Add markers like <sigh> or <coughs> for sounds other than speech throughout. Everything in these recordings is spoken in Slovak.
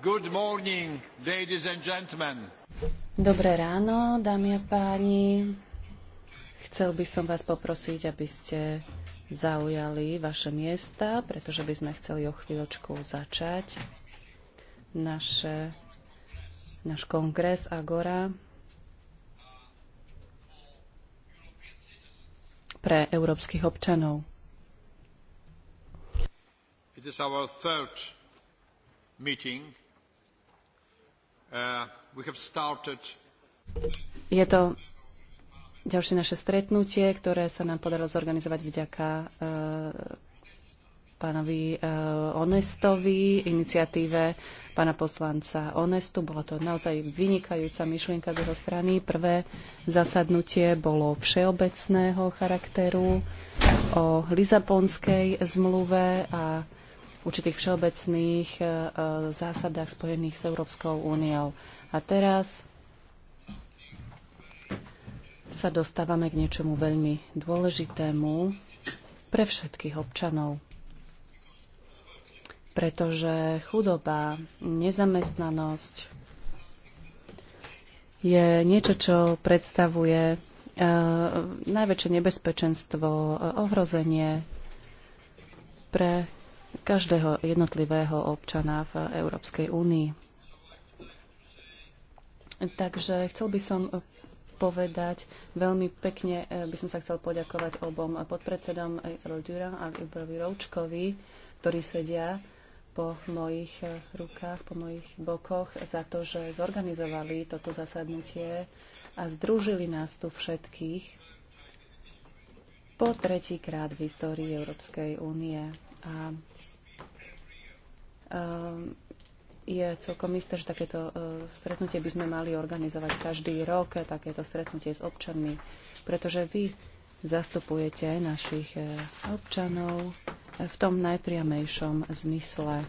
Good morning, ladies and gentlemen. Dobré ráno, dámy a páni. Chcel by som vás poprosiť, aby ste zaujali vaše miesta, pretože by sme chceli o chvíľočku začať naše, náš kongres Agora pre európskych občanov. It is our third meeting Uh, Je to ďalšie naše stretnutie, ktoré sa nám podarilo zorganizovať vďaka uh, pánovi uh, Onestovi, iniciatíve pána poslanca Onestu. Bola to naozaj vynikajúca myšlienka z jeho strany. Prvé zasadnutie bolo všeobecného charakteru o Lizabonskej zmluve a určitých všeobecných e, e, zásadách spojených s Európskou úniou. A teraz sa dostávame k niečomu veľmi dôležitému pre všetkých občanov. Pretože chudoba, nezamestnanosť je niečo, čo predstavuje e, najväčšie nebezpečenstvo, ohrozenie pre každého jednotlivého občana v Európskej únii. Takže chcel by som povedať. Veľmi pekne eh, by som sa chcel poďakovať obom podpredsedom eh, Izabel Dura a Ibrovi Roučkovi, ktorí sedia po mojich eh, rukách, po mojich bokoch za to, že zorganizovali toto zasadnutie a združili nás tu všetkých po tretíkrát v histórii Európskej únie. A Ehm, je celkom isté, že takéto e, stretnutie by sme mali organizovať každý rok, e, takéto stretnutie s občanmi, pretože vy zastupujete našich e, občanov v tom najpriamejšom zmysle.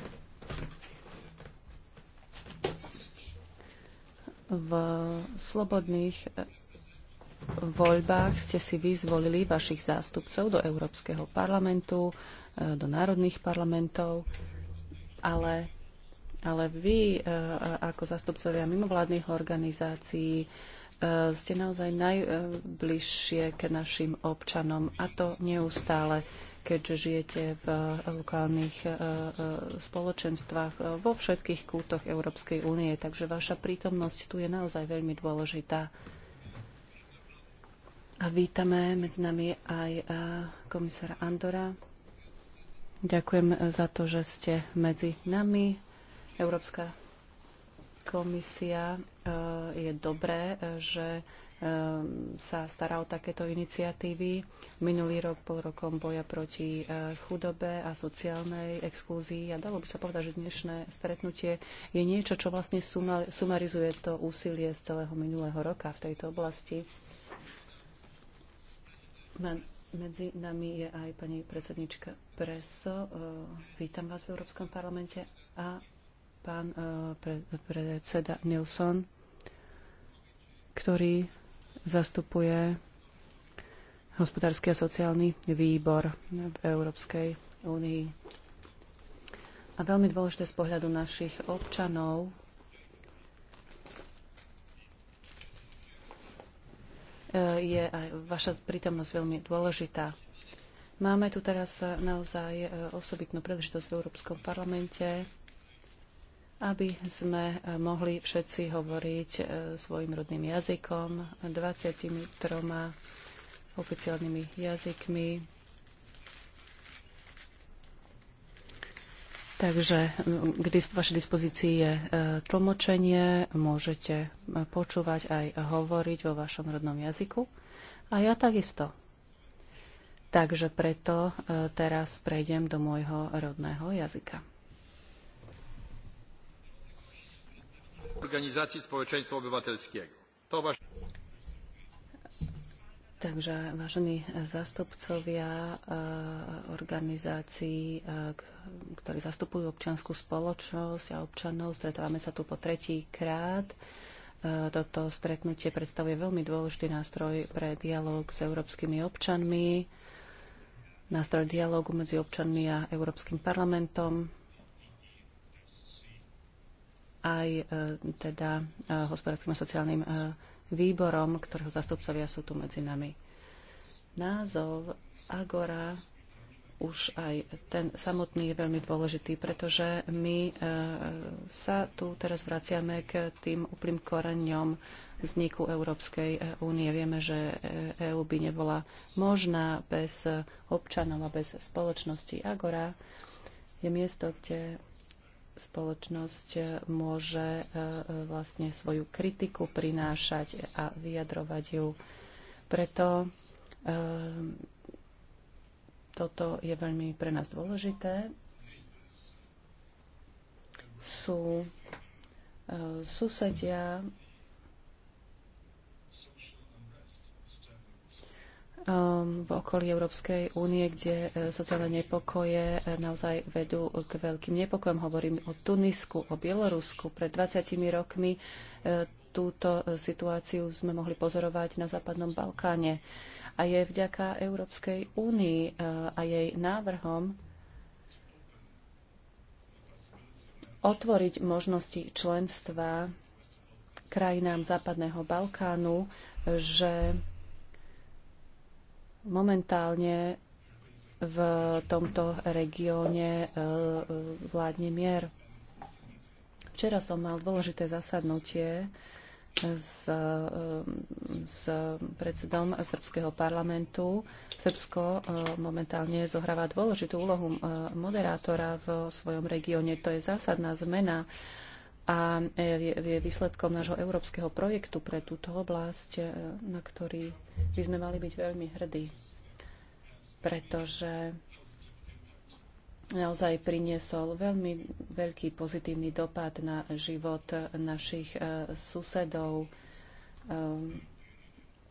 V slobodných voľbách ste si vyzvolili vašich zástupcov do Európskeho parlamentu, do národných parlamentov ale, ale vy eh, ako zastupcovia mimovládnych organizácií eh, ste naozaj najbližšie k našim občanom a to neustále, keďže žijete v eh, lokálnych spoločenstvách vo všetkých kútoch Európskej únie. Takže vaša prítomnosť tu je naozaj veľmi dôležitá. A vítame medzi nami aj komisára Andora. Ďakujem za to, že ste medzi nami. Európska komisia eh, je dobré, eh, že eh, sa stará o takéto iniciatívy. Minulý rok bol rokom boja proti chudobe a sociálnej exklúzii a dalo by sa povedať, že dnešné stretnutie je niečo, čo vlastne sumarizuje to úsilie z celého minulého roka v tejto oblasti. Medzi nami je aj pani predsednička Preso. E, vítam vás v Európskom parlamente a pán e, predseda Nilsson, ktorý zastupuje hospodársky a sociálny výbor v Európskej únii. A veľmi dôležité z pohľadu našich občanov je aj vaša prítomnosť veľmi dôležitá. Máme tu teraz naozaj e, osobitnú príležitosť v Európskom parlamente, aby sme e, mohli všetci hovoriť e, svojim rodným jazykom, 23 oficiálnymi jazykmi Takže mm, k vašej dispozícii je e, tlmočenie, môžete e, počúvať aj hovoriť vo vašom rodnom jazyku. A ja takisto. Takže preto e, teraz prejdem do môjho rodného jazyka. Organizácii spoločenstva obyvateľského. To vaš... Takže, vážení zastupcovia eh, organizácií, eh, ktorí zastupujú občianskú spoločnosť a občanov, stretávame sa tu po tretí krát. Eh, toto stretnutie predstavuje veľmi dôležitý nástroj pre dialog s európskymi občanmi, nástroj dialogu medzi občanmi a Európskym parlamentom, aj teda hospodárskym a sociálnym výborom, ktorého zastupcovia sú tu medzi nami. Názov Agora už aj ten samotný je veľmi dôležitý, pretože my e, sa tu teraz vraciame k tým úplným koreňom vzniku Európskej e, únie. Vieme, že EÚ e by nebola možná bez občanov a bez spoločnosti. Agora je miesto, kde spoločnosť môže e, e, vlastne svoju kritiku prinášať a vyjadrovať ju. Preto e, toto je veľmi pre nás dôležité. Sú susedia, Ehm, v okolí Európskej únie, kde e, sociálne nepokoje e, naozaj vedú k veľkým nepokojom. Hovorím o Tunisku, o Bielorusku. Pred 20 rokmi e, túto situáciu sme mohli pozorovať na Západnom Balkáne. A je vďaka Európskej únii a jej návrhom otvoriť možnosti členstva krajinám Západného Balkánu, že Momentálne v tomto regióne e, e, vládne mier. Včera som mal dôležité zasadnutie s, e, s predsedom Srbského parlamentu. Srbsko momentálne zohráva dôležitú úlohu moderátora v svojom regióne. To je zásadná zmena a je výsledkom nášho európskeho projektu pre túto oblasť, e, na ktorý by sme mali byť veľmi hrdí, pretože naozaj priniesol veľmi veľký pozitívny dopad na život našich e, susedov, e,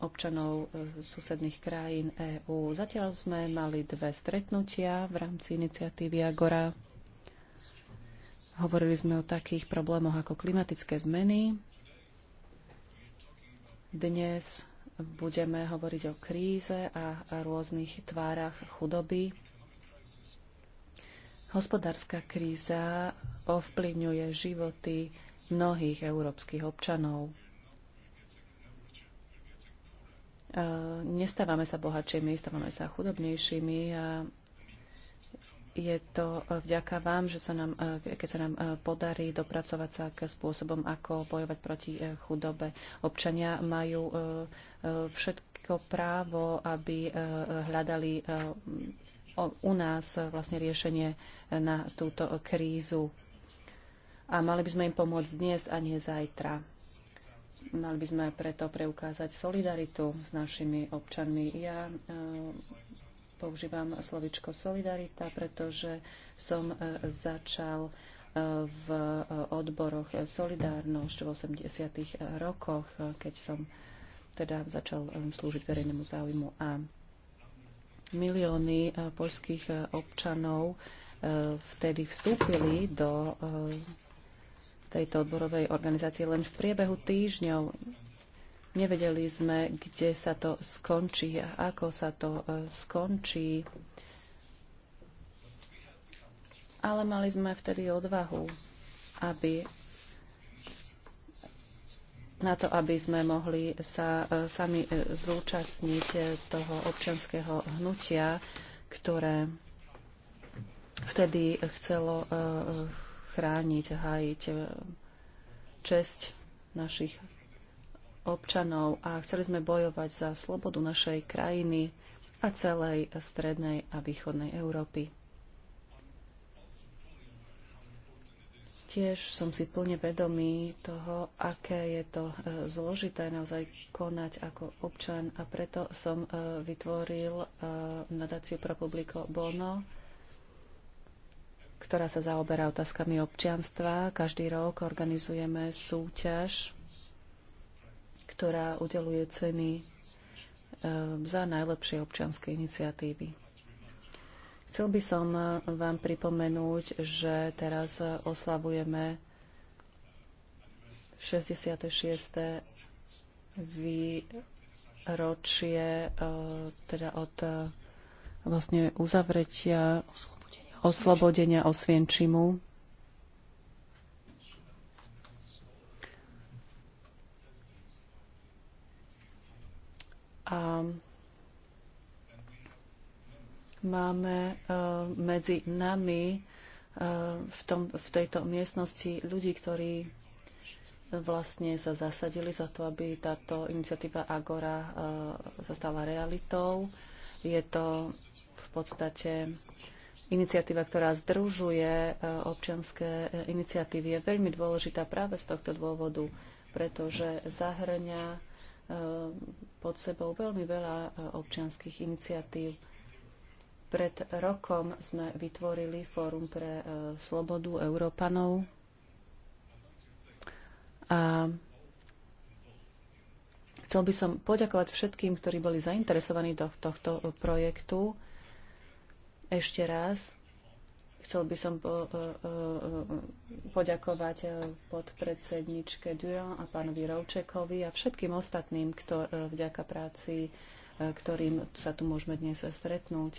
občanov susedných krajín EÚ. Zatiaľ sme mali dve stretnutia v rámci iniciatívy Agora Hovorili sme o takých problémoch ako klimatické zmeny. Dnes budeme hovoriť o kríze a rôznych tvárach chudoby. Hospodárska kríza ovplyvňuje životy mnohých európskych občanov. E, nestávame sa bohatšími, stávame sa chudobnejšími a je to e, vďaka vám, že sa nám, e, keď sa nám e, podarí dopracovať sa k spôsobom, ako bojovať proti chudobe. Občania majú všetko právo, aby hľadali u nás vlastne riešenie na túto krízu. A mali by sme im pomôcť dnes a nie zajtra. Mali by sme preto preukázať solidaritu s našimi občanmi. Ja používam slovičko solidarita, pretože som e, začal e, v e, odboroch solidárnosť v 80. rokoch, keď som teda začal slúžiť verejnému záujmu a milióny poľských občanov vtedy vstúpili do tejto odborovej organizácie len v priebehu týždňov. Nevedeli sme, kde sa to skončí a ako sa to e, skončí. Ale mali sme vtedy odvahu, aby na to, aby sme mohli sa e, sami e, zúčastniť toho občanského hnutia, ktoré vtedy chcelo chrániť, hájiť česť našich občanov a chceli sme bojovať za slobodu našej krajiny a celej strednej a východnej Európy. Tiež som si plne vedomý toho, aké je to e, zložité naozaj konať ako občan a preto som e, vytvoril e, nadáciu pro publiko Bono, ktorá sa zaoberá otázkami občianstva. Každý rok organizujeme súťaž ktorá udeluje ceny eh, za najlepšie občianske iniciatívy. Chcel by som eh, vám pripomenúť, že teraz eh, oslavujeme 66. výročie teda od vlastne uzavretia oslobodenia Osvienčimu A máme e, medzi nami e, v, tom, v tejto miestnosti ľudí, ktorí vlastne sa zasadili za to, aby táto iniciatíva Agora e, sa stala realitou. Je to v podstate iniciatíva, ktorá združuje občianské iniciatívy. Je veľmi dôležitá práve z tohto dôvodu, pretože zahrňa pod sebou veľmi veľa e, občianských iniciatív. Pred rokom sme vytvorili Fórum pre e, slobodu Európanov a chcel by som poďakovať všetkým, ktorí boli zainteresovaní do tohto e, projektu ešte raz Chcel by som po, eh, eh, poďakovať eh, podpredsedničke Durand a pánovi Rovčekovi a všetkým ostatným, kto, vďaka práci, ktorým sa tu môžeme dnes stretnúť.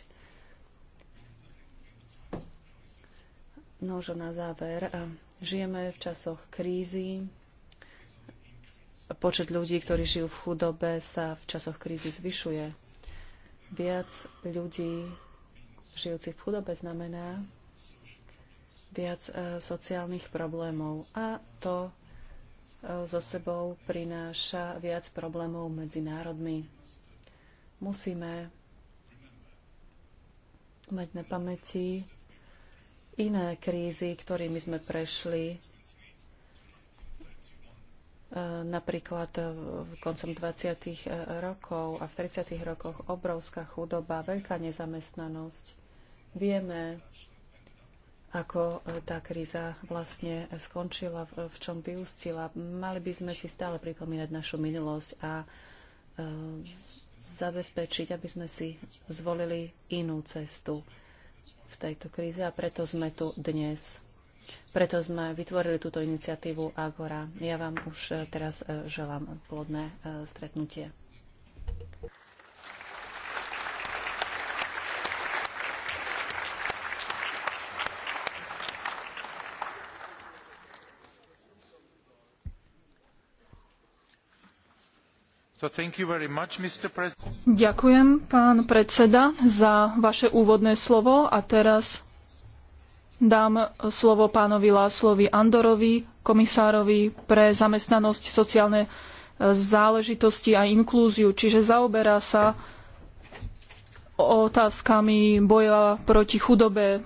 Nožo na záver. Žijeme v časoch krízy. Počet ľudí, ktorí žijú v chudobe, sa v časoch krízy zvyšuje. Viac ľudí žijúcich v chudobe znamená, viac e, sociálnych problémov a to so e, sebou prináša viac problémov medzi národmi. Musíme mať na pamäti iné krízy, ktorými sme prešli e, napríklad v koncom 20. rokov a v 30. rokoch obrovská chudoba, veľká nezamestnanosť. Vieme, ako e, tá kríza vlastne skončila, v čom vyústila. Mali by sme si stále pripomínať našu minulosť a e, zabezpečiť, aby sme si zvolili inú cestu v tejto kríze a preto sme tu dnes. Preto sme vytvorili túto iniciatívu Agora. Ja vám už e, teraz želám plodné stretnutie. Ďakujem, pán predseda, za vaše úvodné slovo a teraz dám slovo pánovi Láslovi Andorovi, komisárovi pre zamestnanosť, sociálne e, záležitosti a inklúziu, čiže zaoberá sa otázkami boja proti chudobe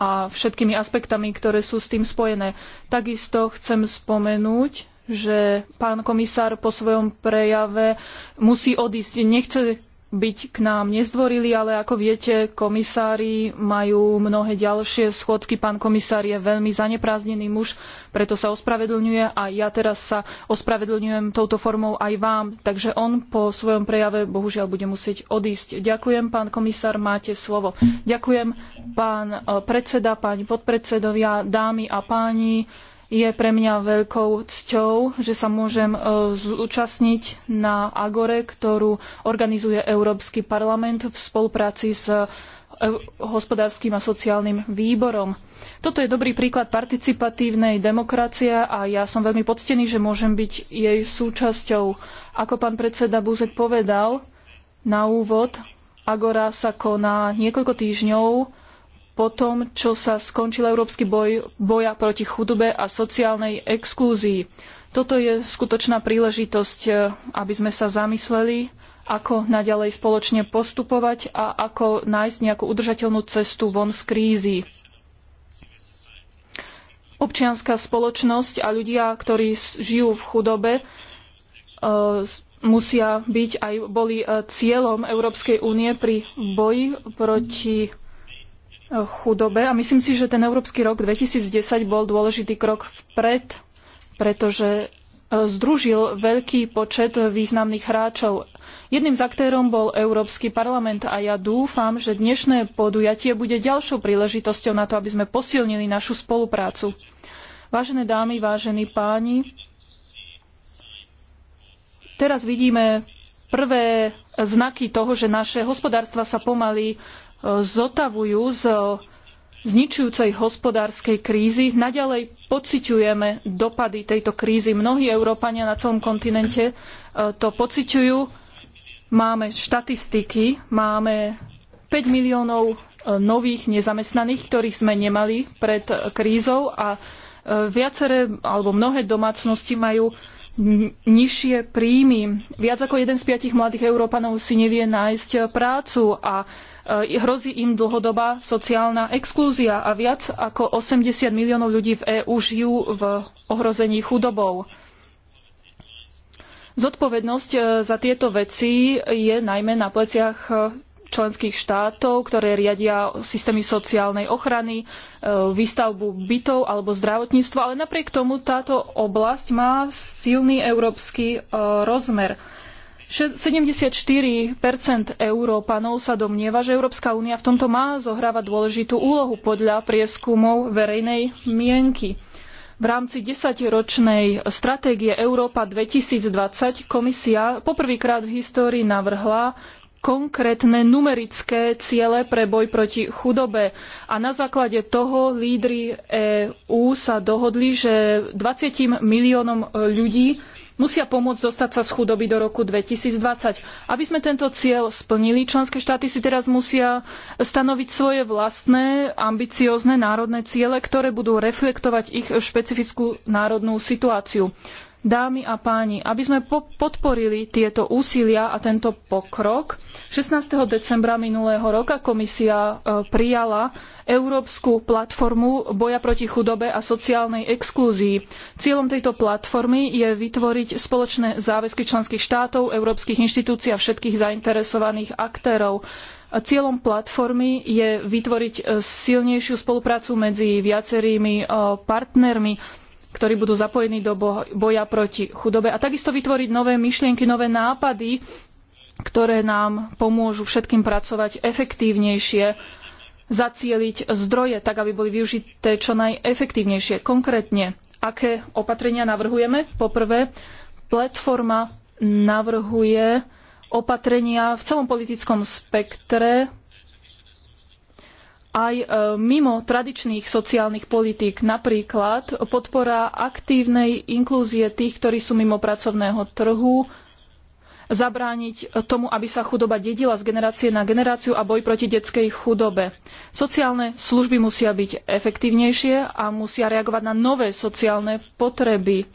a všetkými aspektami, ktoré sú s tým spojené. Takisto chcem spomenúť, že pán komisár po svojom prejave musí odísť. Nechce byť k nám nezdvorili, ale ako viete, komisári majú mnohé ďalšie schodky. Pán komisár je veľmi zanepráznený muž, preto sa ospravedlňuje a ja teraz sa ospravedlňujem touto formou aj vám. Takže on po svojom prejave bohužiaľ bude musieť odísť. Ďakujem, pán komisár, máte slovo. Ďakujem, pán eh, predseda, páni podpredsedovia, dámy a páni. Je pre mňa veľkou cťou, že sa môžem e, zúčastniť na Agore, ktorú organizuje Európsky parlament v spolupráci s e, hospodárskym a sociálnym výborom. Toto je dobrý príklad participatívnej demokracie a ja som veľmi poctený, že môžem byť jej súčasťou. Ako pán predseda Buzek povedal na úvod, Agora sa koná niekoľko týždňov po tom, čo sa skončil európsky boj, boja proti chudobe a sociálnej exklúzii. Toto je skutočná príležitosť, e, aby sme sa zamysleli, ako naďalej spoločne postupovať a ako nájsť nejakú udržateľnú cestu von z krízy. Občianská spoločnosť a ľudia, ktorí žijú v chudobe, e, musia byť aj boli e, cieľom Európskej únie pri boji proti chudobe a myslím si, že ten Európsky rok 2010 bol dôležitý krok vpred, pretože e, združil veľký počet významných hráčov. Jedným z aktérom bol Európsky parlament a ja dúfam, že dnešné podujatie bude ďalšou príležitosťou na to, aby sme posilnili našu spoluprácu. Vážené dámy, vážení páni, teraz vidíme prvé znaky toho, že naše hospodárstva sa pomaly zotavujú z zničujúcej hospodárskej krízy. Naďalej pociťujeme dopady tejto krízy. Mnohí Európania na celom kontinente e, to pociťujú. Máme štatistiky, máme 5 miliónov e, nových nezamestnaných, ktorých sme nemali pred krízou a e, viaceré alebo mnohé domácnosti majú nižšie príjmy. Viac ako jeden z piatich mladých Európanov si nevie nájsť prácu a e, hrozí im dlhodobá sociálna exklúzia a viac ako 80 miliónov ľudí v EÚ žijú v ohrození chudobou. Zodpovednosť e, za tieto veci je najmä na pleciach e, členských štátov, ktoré riadia systémy sociálnej ochrany, e, výstavbu bytov alebo zdravotníctvo, ale napriek tomu táto oblasť má silný európsky e, rozmer. 74 Európanov sa domnieva, že Európska únia v tomto má zohrávať dôležitú úlohu podľa prieskumov verejnej mienky. V rámci desaťročnej stratégie Európa 2020 komisia poprvýkrát v histórii navrhla konkrétne numerické ciele pre boj proti chudobe. A na základe toho lídri EÚ sa dohodli, že 20 miliónom ľudí musia pomôcť dostať sa z chudoby do roku 2020. Aby sme tento cieľ splnili, členské štáty si teraz musia stanoviť svoje vlastné ambiciózne národné ciele, ktoré budú reflektovať ich špecifickú národnú situáciu. Dámy a páni, aby sme po podporili tieto úsilia a tento pokrok, 16. decembra minulého roka komisia e, prijala Európsku platformu boja proti chudobe a sociálnej exklúzii. Cieľom tejto platformy je vytvoriť spoločné záväzky členských štátov, európskych inštitúcií a všetkých zainteresovaných aktérov. Cieľom platformy je vytvoriť e, silnejšiu spoluprácu medzi viacerými e, partnermi ktorí budú zapojení do boja proti chudobe a takisto vytvoriť nové myšlienky, nové nápady, ktoré nám pomôžu všetkým pracovať efektívnejšie, zacieliť zdroje tak, aby boli využité čo najefektívnejšie. Konkrétne, aké opatrenia navrhujeme? Poprvé, platforma navrhuje opatrenia v celom politickom spektre aj e, mimo tradičných sociálnych politík, napríklad podpora aktívnej inklúzie tých, ktorí sú mimo pracovného trhu, zabrániť tomu, aby sa chudoba dedila z generácie na generáciu a boj proti detskej chudobe. Sociálne služby musia byť efektívnejšie a musia reagovať na nové sociálne potreby.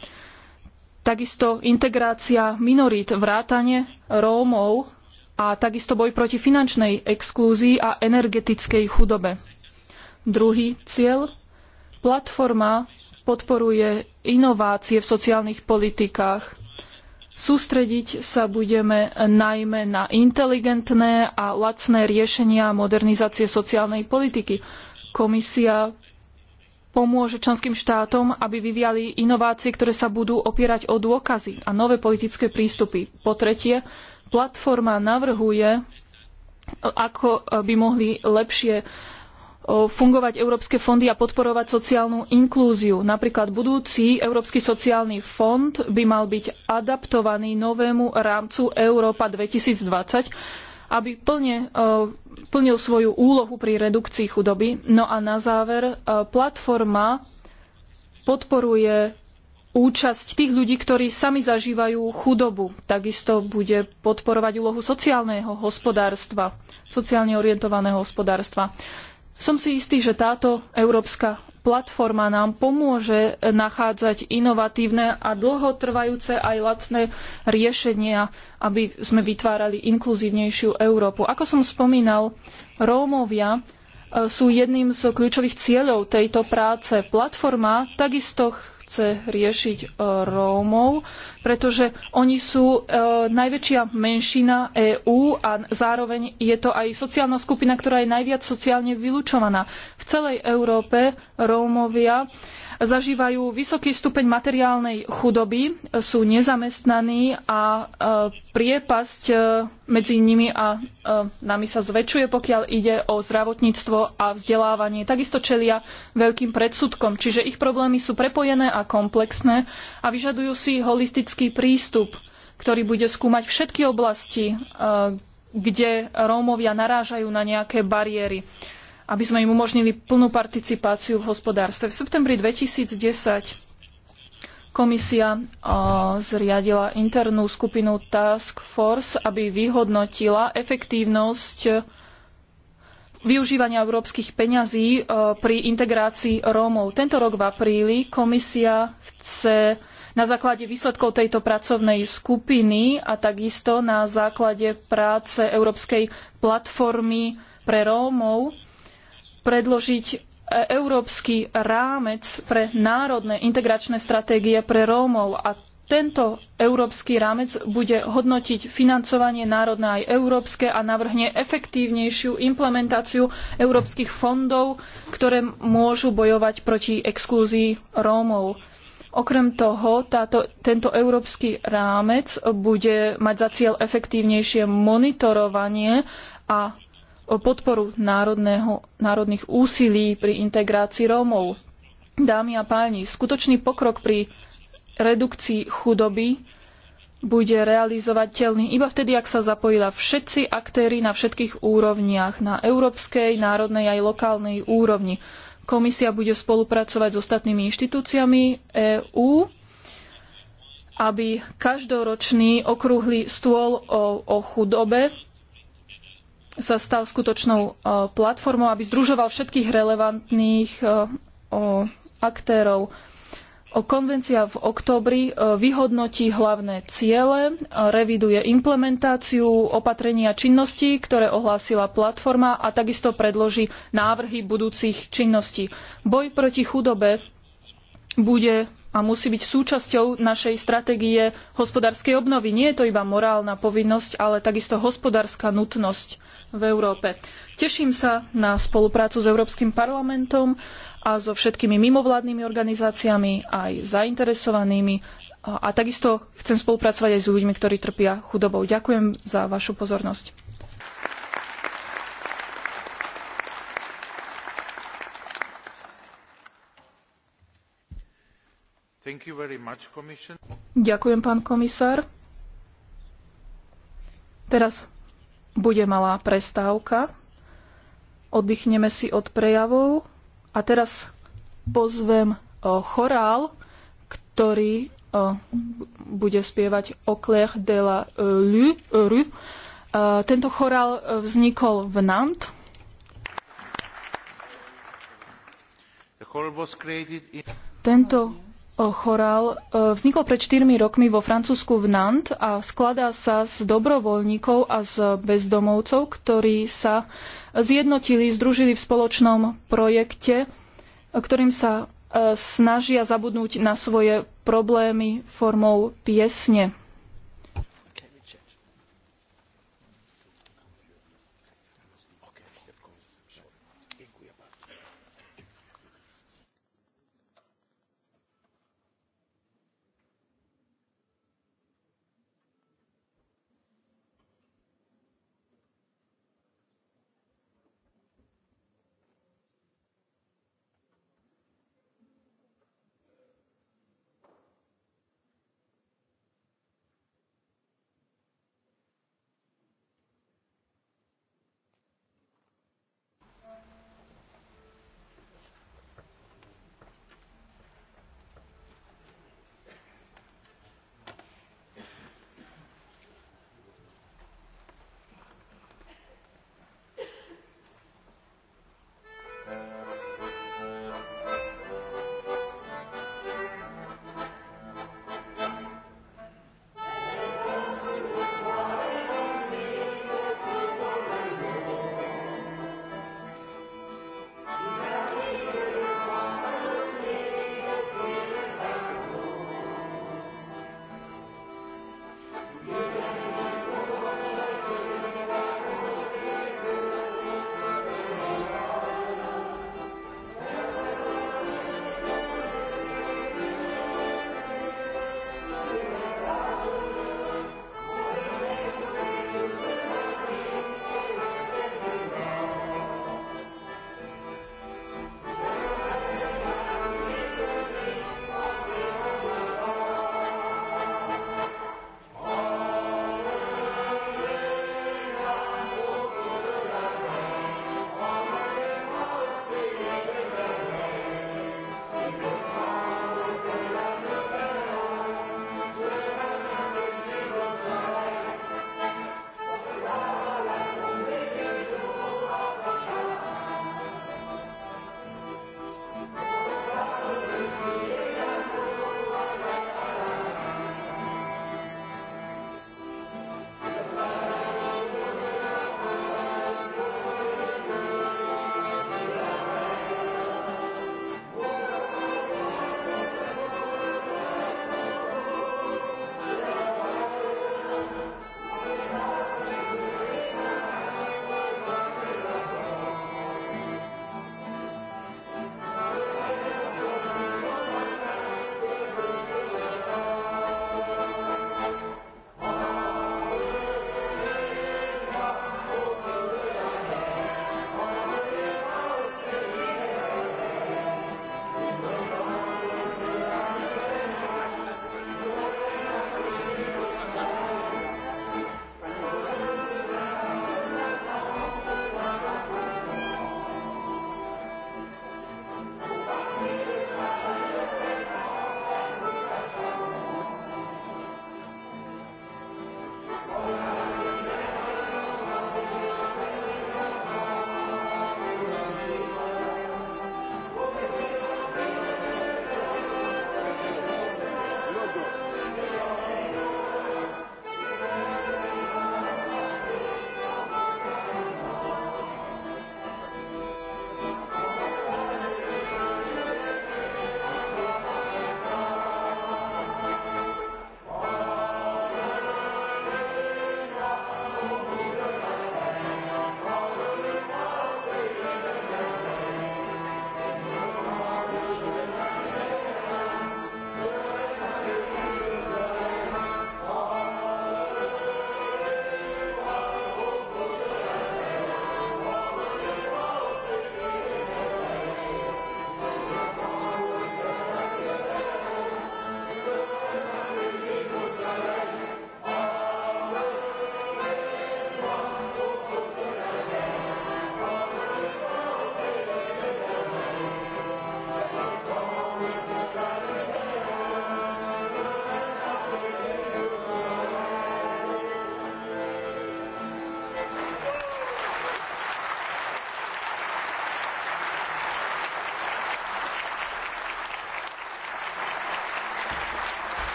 Takisto integrácia minorít, vrátane Rómov a takisto boj proti finančnej exklúzii a energetickej chudobe. Druhý cieľ. Platforma podporuje inovácie v sociálnych politikách. Sústrediť sa budeme najmä na inteligentné a lacné riešenia modernizácie sociálnej politiky. Komisia pomôže členským štátom, aby vyviali inovácie, ktoré sa budú opierať o dôkazy a nové politické prístupy. Po tretie, Platforma navrhuje, ako by mohli lepšie fungovať európske fondy a podporovať sociálnu inklúziu. Napríklad budúci Európsky sociálny fond by mal byť adaptovaný novému rámcu Európa 2020, aby plne, plnil svoju úlohu pri redukcii chudoby. No a na záver, platforma podporuje účasť tých ľudí, ktorí sami zažívajú chudobu. Takisto bude podporovať úlohu sociálneho hospodárstva, sociálne orientovaného hospodárstva. Som si istý, že táto európska platforma nám pomôže nachádzať inovatívne a dlhotrvajúce aj lacné riešenia, aby sme vytvárali inkluzívnejšiu Európu. Ako som spomínal, Rómovia e, sú jedným z kľúčových cieľov tejto práce. Platforma takisto chce riešiť e, Rómov, pretože oni sú e, najväčšia menšina EÚ a zároveň je to aj sociálna skupina, ktorá je najviac sociálne vylúčovaná. V celej Európe Rómovia zažívajú vysoký stupeň materiálnej chudoby, sú nezamestnaní a e, priepasť e, medzi nimi a e, nami sa zväčšuje, pokiaľ ide o zdravotníctvo a vzdelávanie. Takisto čelia veľkým predsudkom, čiže ich problémy sú prepojené a komplexné a vyžadujú si holistický prístup, ktorý bude skúmať všetky oblasti, kde Rómovia narážajú na nejaké bariéry aby sme im umožnili plnú participáciu v hospodárstve. V septembri 2010 komisia zriadila internú skupinu Task Force, aby vyhodnotila efektívnosť využívania európskych peňazí pri integrácii Rómov. Tento rok v apríli komisia chce na základe výsledkov tejto pracovnej skupiny a takisto na základe práce Európskej platformy pre Rómov predložiť e, európsky rámec pre národné integračné stratégie pre Rómov a tento európsky rámec bude hodnotiť financovanie národné aj európske a navrhne efektívnejšiu implementáciu európskych fondov, ktoré môžu bojovať proti exklúzii Rómov. Okrem toho, táto, tento európsky rámec bude mať za cieľ efektívnejšie monitorovanie a o podporu národného, národných úsilí pri integrácii Rómov. Dámy a páni, skutočný pokrok pri redukcii chudoby bude realizovateľný iba vtedy, ak sa zapojila všetci aktéry na všetkých úrovniach, na európskej, národnej aj lokálnej úrovni. Komisia bude spolupracovať s ostatnými inštitúciami EÚ, aby každoročný okrúhly stôl o, o chudobe sa stal skutočnou e, platformou, aby združoval všetkých relevantných e, aktérov. Konvencia v októbri e, vyhodnotí hlavné ciele, reviduje implementáciu opatrenia činností, ktoré ohlásila platforma a takisto predloží návrhy budúcich činností. Boj proti chudobe bude a musí byť súčasťou našej stratégie hospodárskej obnovy. Nie je to iba morálna povinnosť, ale takisto hospodárska nutnosť v Európe. Teším sa na spoluprácu s Európskym parlamentom a so všetkými mimovládnymi organizáciami, aj zainteresovanými. A, a takisto chcem spolupracovať aj s ľuďmi, ktorí trpia chudobou. Ďakujem za vašu pozornosť. Ďakujem, pán komisár. Teraz bude malá prestávka. Oddychneme si od prejavov. A teraz pozvem chorál, ktorý bude spievať O clair de la e, e, rue. E, tento chorál vznikol v Nantes. Tento chorál e, vznikol pred 4 rokmi vo Francúzsku v Nantes a skladá sa z dobrovoľníkov a z bezdomovcov, ktorí sa zjednotili, združili v spoločnom projekte, ktorým sa e, snažia zabudnúť na svoje problémy formou piesne.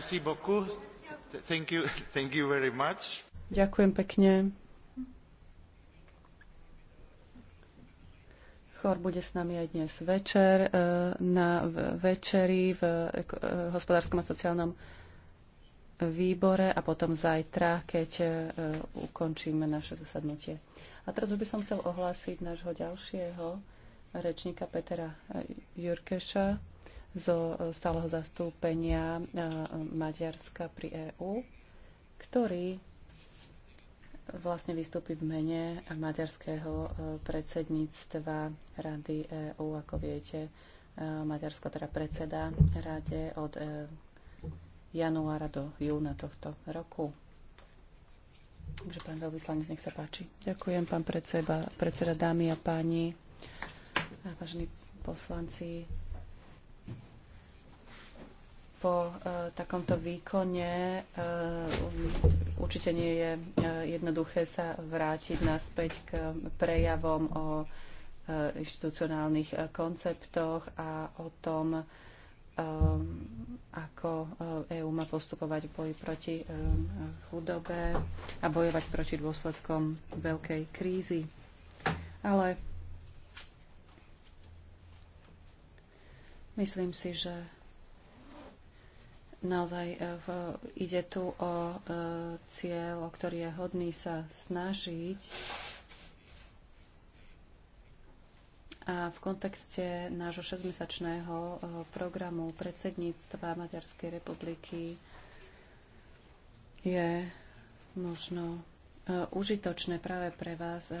Merci beaucoup. Thank you. <laughs> Thank you very much. Ďakujem pekne. Chor bude s nami aj dnes večer eh, na večeri v eh, hospodárskom a sociálnom výbore a potom zajtra, keď eh, ukončíme naše zasadnutie. A teraz už by som chcel ohlásiť nášho ďalšieho rečníka Petera Jurkeša, zo stáleho zastúpenia Maďarska pri EÚ, ktorý vlastne vystúpi v mene maďarského e, predsedníctva Rady EÚ. Ako viete, e, Maďarsko teda predseda rade od e, januára do júna tohto roku. Takže pán veľvyslanec, nech sa páči. Ďakujem, pán predseda, predseda dámy a páni, vážení poslanci po e, takomto výkone e, určite nie je e, jednoduché sa vrátiť naspäť k prejavom o inštitucionálnych konceptoch a o tom, ako EÚ má postupovať v boji proti chudobe a bojovať proti dôsledkom veľkej krízy. Ale myslím si, že Naozaj e, v, ide tu o e, cieľ, o ktorý je hodný sa snažiť. A v kontexte nášho 6-mesačného e, programu predsedníctva Maďarskej republiky je možno e, užitočné práve pre vás,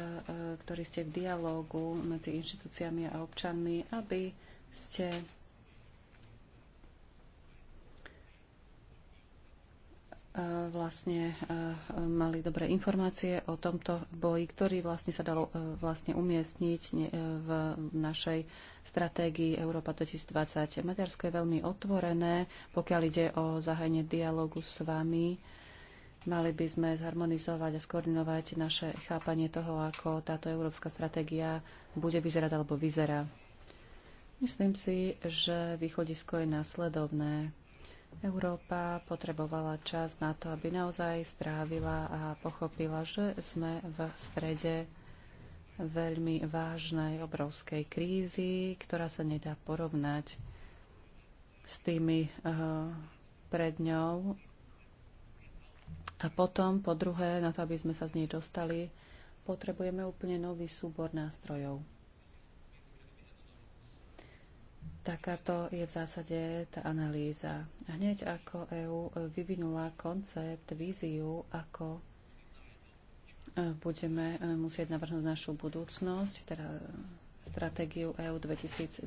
ktorí ste v dialógu medzi inštitúciami a občanmi, aby ste E, vlastne e, mali dobré informácie o tomto boji, ktorý vlastne sa dal e, vlastne umiestniť v našej stratégii Európa 2020. Maďarsko je veľmi otvorené, pokiaľ ide o zahajenie dialogu s vami. Mali by sme zharmonizovať a skoordinovať naše chápanie toho, ako táto európska stratégia bude vyzerať alebo vyzerá. Myslím si, že východisko je následovné Európa potrebovala čas na to, aby naozaj strávila a pochopila, že sme v strede veľmi vážnej, obrovskej krízy, ktorá sa nedá porovnať s tými uh, pred ňou. A potom, po druhé, na to, aby sme sa z nej dostali, potrebujeme úplne nový súbor nástrojov. takáto je v zásade tá analýza. Hneď ako EÚ vyvinula koncept, víziu, ako e, budeme e, musieť navrhnúť našu budúcnosť, teda e, stratégiu EU 2020.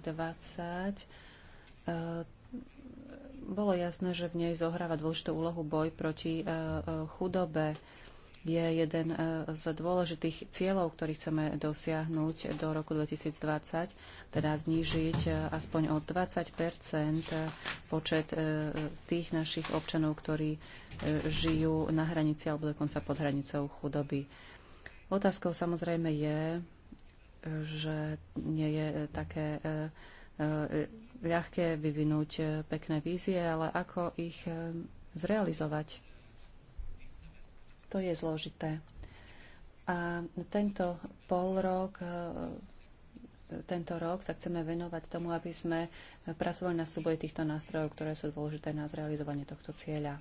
Bolo jasné, že v nej zohráva dôležitú úlohu boj proti chudobe je jeden e, z dôležitých cieľov, ktorý chceme dosiahnuť do roku 2020, teda znížiť e, aspoň o 20 e, počet tých našich občanov, ktorí žijú na hranici alebo dokonca pod hranicou chudoby. Otázkou samozrejme je, že nie je také ľahké vyvinúť pekné vízie, ale ako ich zrealizovať. To je zložité. A tento pol rok, e, tento rok sa chceme venovať tomu, aby sme pracovali na súboji týchto nástrojov, ktoré sú dôležité na zrealizovanie tohto cieľa.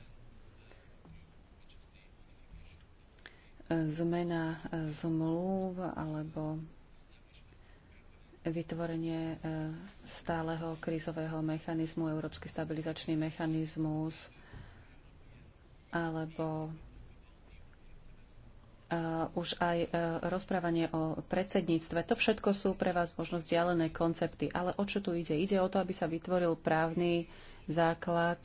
E, zmena e, zmluv alebo vytvorenie stáleho krízového mechanizmu, Európsky stabilizačný mechanizmus alebo už aj e, rozprávanie o predsedníctve. To všetko sú pre vás možno vzdialené koncepty. Ale o čo tu ide? Ide o to, aby sa vytvoril právny základ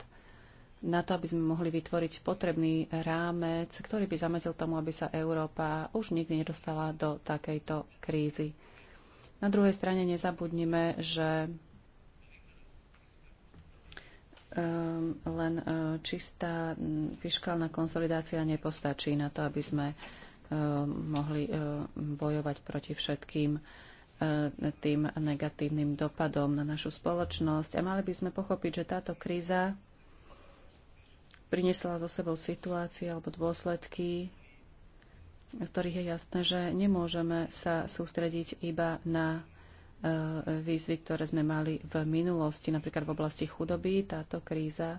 na to, aby sme mohli vytvoriť potrebný rámec, ktorý by zamedzil tomu, aby sa Európa už nikdy nedostala do takejto krízy. Na druhej strane nezabudnime, že ehm, len e, čistá fiskálna konsolidácia nepostačí na to, aby sme Eh, mohli eh, bojovať proti všetkým eh, tým negatívnym dopadom na našu spoločnosť. A mali by sme pochopiť, že táto kríza priniesla so sebou situácie alebo dôsledky, z ktorých je jasné, že nemôžeme sa sústrediť iba na výzvy, ktoré sme mali v minulosti, napríklad v oblasti chudoby. Táto kríza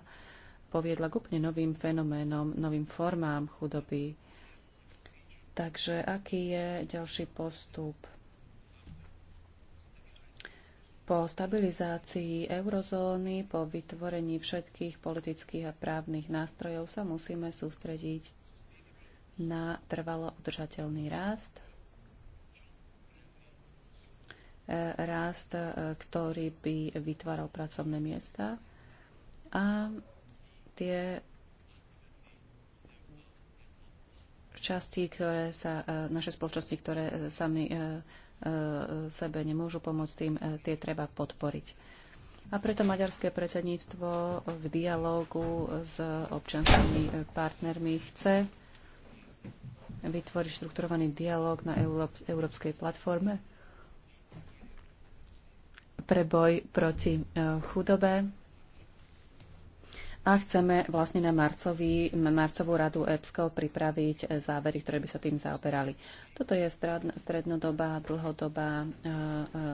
poviedla k úplne novým fenoménom, novým formám chudoby, Takže aký je ďalší postup? Po stabilizácii eurozóny, po vytvorení všetkých politických a právnych nástrojov sa musíme sústrediť na trvalo udržateľný rast, e, rast, e, ktorý by vytváral pracovné miesta a tie časti ktoré sa, e, naše spoločnosti, ktoré e, sami e, sebe nemôžu pomôcť, tým tie treba podporiť. A preto maďarské predsedníctvo v dialógu s občanskými partnermi chce vytvoriť štrukturovaný dialóg na európskej platforme pre boj proti chudobe a chceme vlastne na marcový, marcovú radu EPSCO pripraviť závery, ktoré by sa tým zaoberali. Toto je strednodobá, dlhodobá, e,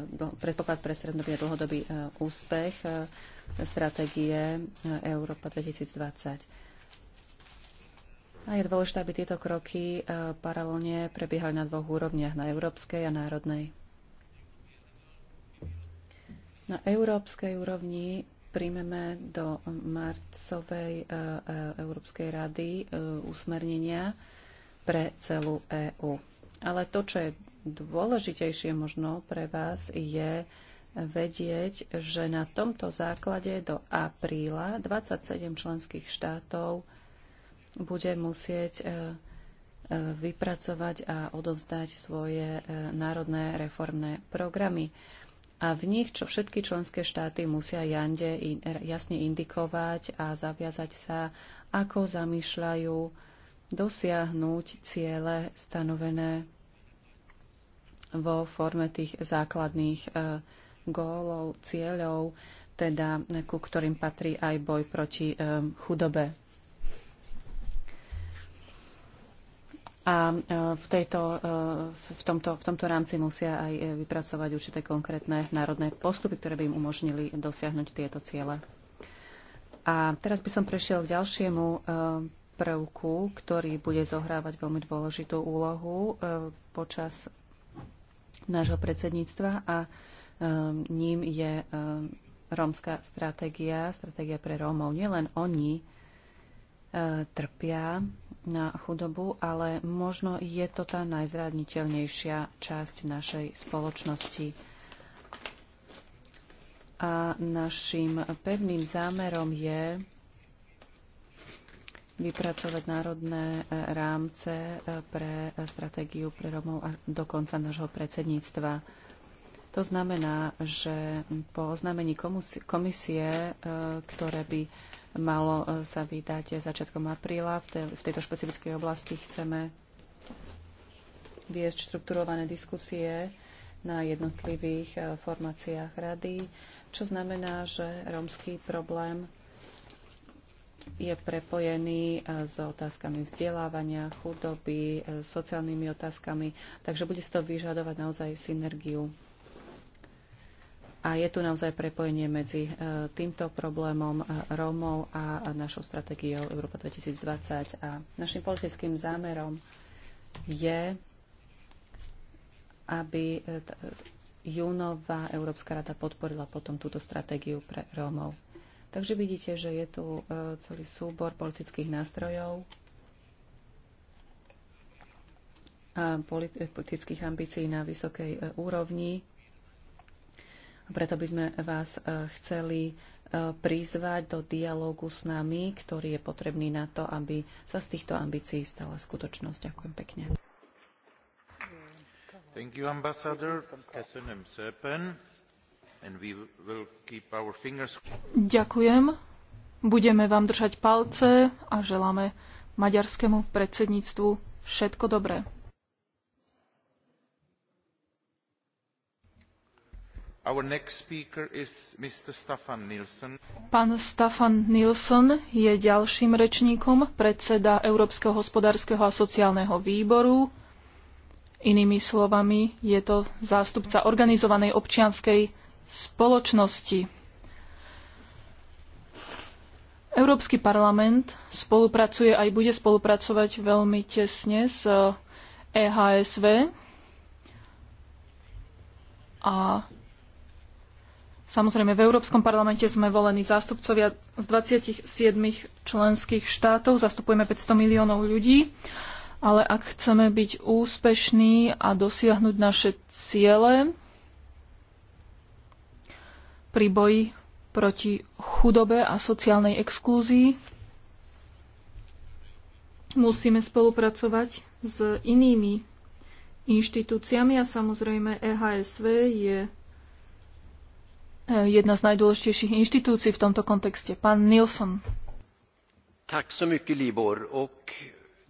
e, predpoklad pre strednodobý a dlhodobý e, úspech stratégie Európa 2020. A je dôležité, aby tieto kroky paralelne prebiehali na dvoch úrovniach, na európskej a národnej. Na európskej úrovni príjmeme do marcovej e, e, Európskej rady e, usmernenia pre celú EÚ. Ale to, čo je dôležitejšie možno pre vás, je vedieť, že na tomto základe do apríla 27 členských štátov bude musieť vypracovať a odovzdať svoje národné reformné programy a v nich, čo všetky členské štáty musia Jande jasne indikovať a zaviazať sa, ako zamýšľajú dosiahnuť ciele stanovené vo forme tých základných e, gólov, cieľov, teda ku ktorým patrí aj boj proti e, chudobe. a e, v, tejto, e, v, tomto, v tomto rámci musia aj e, vypracovať určité konkrétne národné postupy, ktoré by im umožnili dosiahnuť tieto ciele. A teraz by som prešiel k ďalšiemu prvku, ktorý bude zohrávať veľmi dôležitú úlohu počas nášho predsedníctva a ním je rómska stratégia, stratégia pre Rómov. Nielen oni trpia na chudobu, ale možno je to tá najzradniteľnejšia časť našej spoločnosti. A našim pevným zámerom je vypracovať národné e, rámce e, pre stratégiu pre Romov a do konca nášho predsedníctva. To znamená, že po oznámení komisie, e, ktoré by malo e, sa vydať začiatkom apríla. V tejto špecifickej oblasti chceme viesť štrukturované diskusie na jednotlivých e, formáciách rady, čo znamená, že rómsky problém je prepojený e, s otázkami vzdelávania, chudoby, sociálnymi otázkami, takže bude sa to vyžadovať naozaj synergiu. A je tu naozaj prepojenie medzi e, týmto problémom e, Rómov a našou stratégiou Európa 2020. A našim politickým zámerom je, aby e, júnová Európska rada podporila potom túto stratégiu pre Rómov. Takže vidíte, že je tu celý súbor politických nástrojov a politických ambícií na vysokej úrovni preto by sme vás e, chceli e, prizvať do dialógu s nami, ktorý je potrebný na to, aby sa z týchto ambícií stala skutočnosť. Ďakujem pekne. Thank you, ambassador. And we will keep our fingers... Ďakujem. Budeme vám držať palce a želáme maďarskému predsedníctvu všetko dobré. Pán Staffan Nilsson je ďalším rečníkom, predseda Európskeho hospodárskeho a sociálneho výboru. Inými slovami, je to zástupca organizovanej občianskej spoločnosti. Európsky parlament spolupracuje aj bude spolupracovať veľmi tesne s EHSV e a Samozrejme, v Európskom parlamente sme volení zástupcovia z 27 členských štátov, zastupujeme 500 miliónov ľudí, ale ak chceme byť úspešní a dosiahnuť naše ciele pri boji proti chudobe a sociálnej exklúzii, musíme spolupracovať s inými inštitúciami a samozrejme EHSV je Eh, jedna z najdôležitejších inštitúcií v tomto kontexte. Pán Nilsson. Tak so mycket, Libor. Och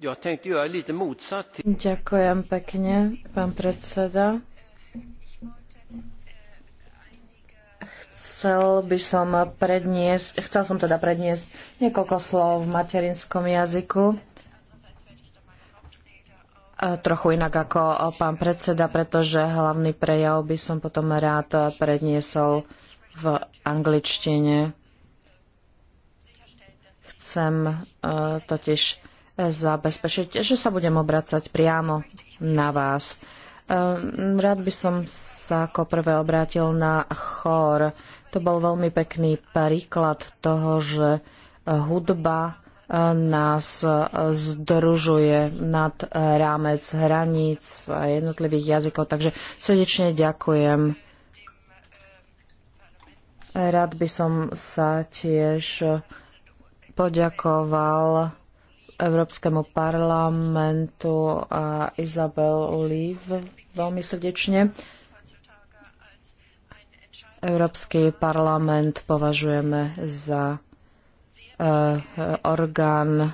jag tänkte göra lite motsatt. Ďakujem pekne, pán predseda. Chcel by som predniesť, chcel som teda predniesť niekoľko slov v materinskom jazyku trochu inak ako pán predseda, pretože hlavný prejav by som potom rád predniesol v angličtine. Chcem e, totiž zabezpečiť, že sa budem obracať priamo na vás. E, rád by som sa ako prvé obrátil na chór. To bol veľmi pekný príklad toho, že hudba e, nás združuje nad rámec hraníc a jednotlivých jazykov. Takže srdečne ďakujem Rád by som sa tiež poďakoval Európskemu parlamentu a Isabel Olive veľmi srdečne. Európsky parlament považujeme za e, orgán,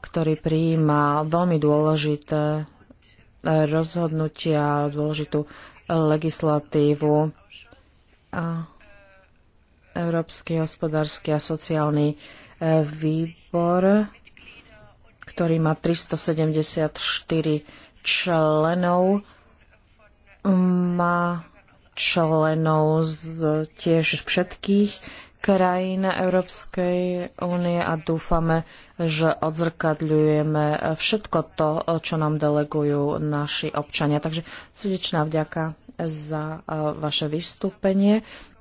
ktorý prijíma veľmi dôležité rozhodnutia, dôležitú legislatívu a Európsky hospodársky a sociálny e, výbor, ktorý má 374 členov, má členov z tiež všetkých krajín Európskej únie a dúfame, že odzrkadľujeme všetko to, čo nám delegujú naši občania. Takže srdečná vďaka za vaše vystúpenie.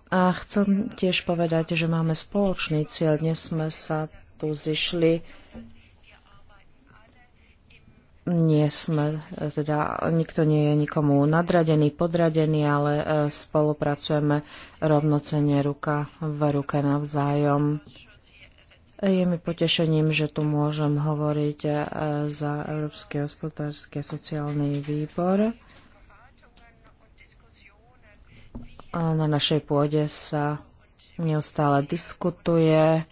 A chcem tiež povedať, že máme spoločný cieľ. Dnes sme sa tu zišli nie sme, teda nikto nie je nikomu nadradený, podradený, ale e, spolupracujeme rovnocene ruka v ruke navzájom. Je mi potešením, že tu môžem hovoriť e, za Európsky hospodársky a sociálny výbor. Na našej pôde sa neustále diskutuje,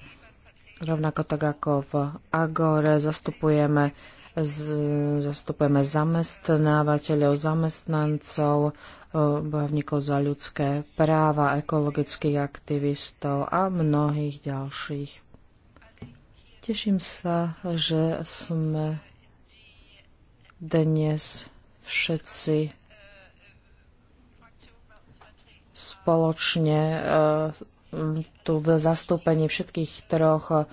rovnako tak ako v Agore zastupujeme zastupujeme zamestnávateľov, zamestnancov, e, bojovníkov za ľudské práva, ekologických aktivistov a mnohých ďalších. Teším sa, že sme dnes všetci spoločne e, tu v zastúpení všetkých troch e,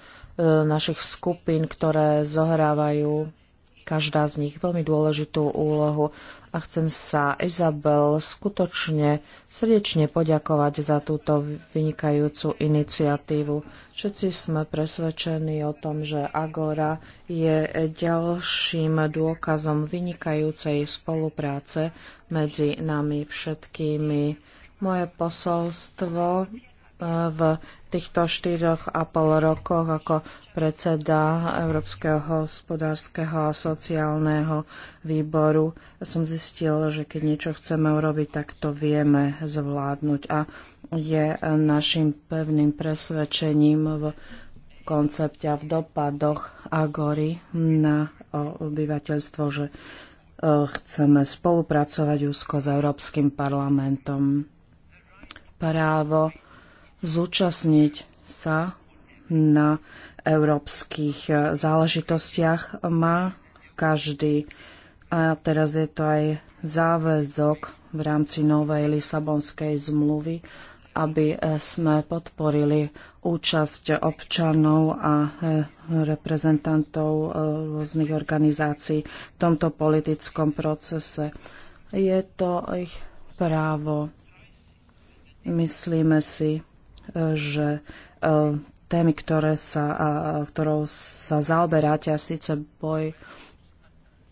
našich skupín, ktoré zohrávajú každá z nich veľmi dôležitú úlohu a chcem sa Izabel skutočne srdečne poďakovať za túto vynikajúcu iniciatívu. Všetci sme presvedčení o tom, že Agora je ďalším dôkazom vynikajúcej spolupráce medzi nami všetkými. Moje posolstvo v týchto štyroch a pol rokoch ako predseda Európskeho hospodárskeho a sociálneho výboru som zistil, že keď niečo chceme urobiť, tak to vieme zvládnuť a je našim pevným presvedčením v koncepte a v dopadoch Agory na obyvateľstvo, že e, chceme spolupracovať úzko s Európskym parlamentom. Právo zúčastniť sa na európskych e, záležitostiach má každý. A teraz je to aj záväzok v rámci novej Lisabonskej zmluvy, aby e, sme podporili účasť občanov a e, reprezentantov rôznych organizácií v tomto politickom procese. Je to ich právo. Myslíme si, že e, témy, ktoré sa, ktorou sa zaoberáte, a síce boj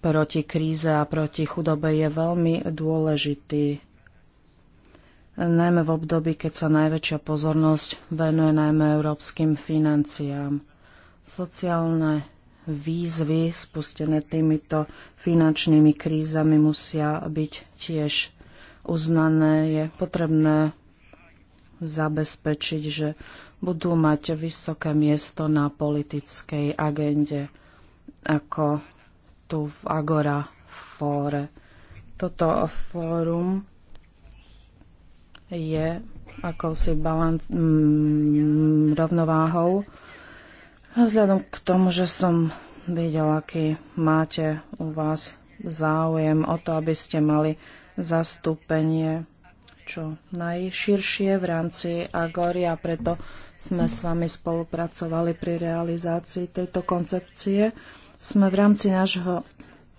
proti kríze a proti chudobe je veľmi dôležitý. Najmä v období, keď sa najväčšia pozornosť venuje najmä európskym financiám. Sociálne výzvy spustené týmito finančnými krízami musia byť tiež uznané. Je potrebné zabezpečiť, že budú mať vysoké miesto na politickej agende, ako tu v Agora fóre. Toto fórum je akousi balanc, mm, rovnováhou. Vzhľadom k tomu, že som videla, aký máte u vás záujem o to, aby ste mali zastúpenie čo najširšie v rámci Agory a preto sme s vami spolupracovali pri realizácii tejto koncepcie. Sme v rámci nášho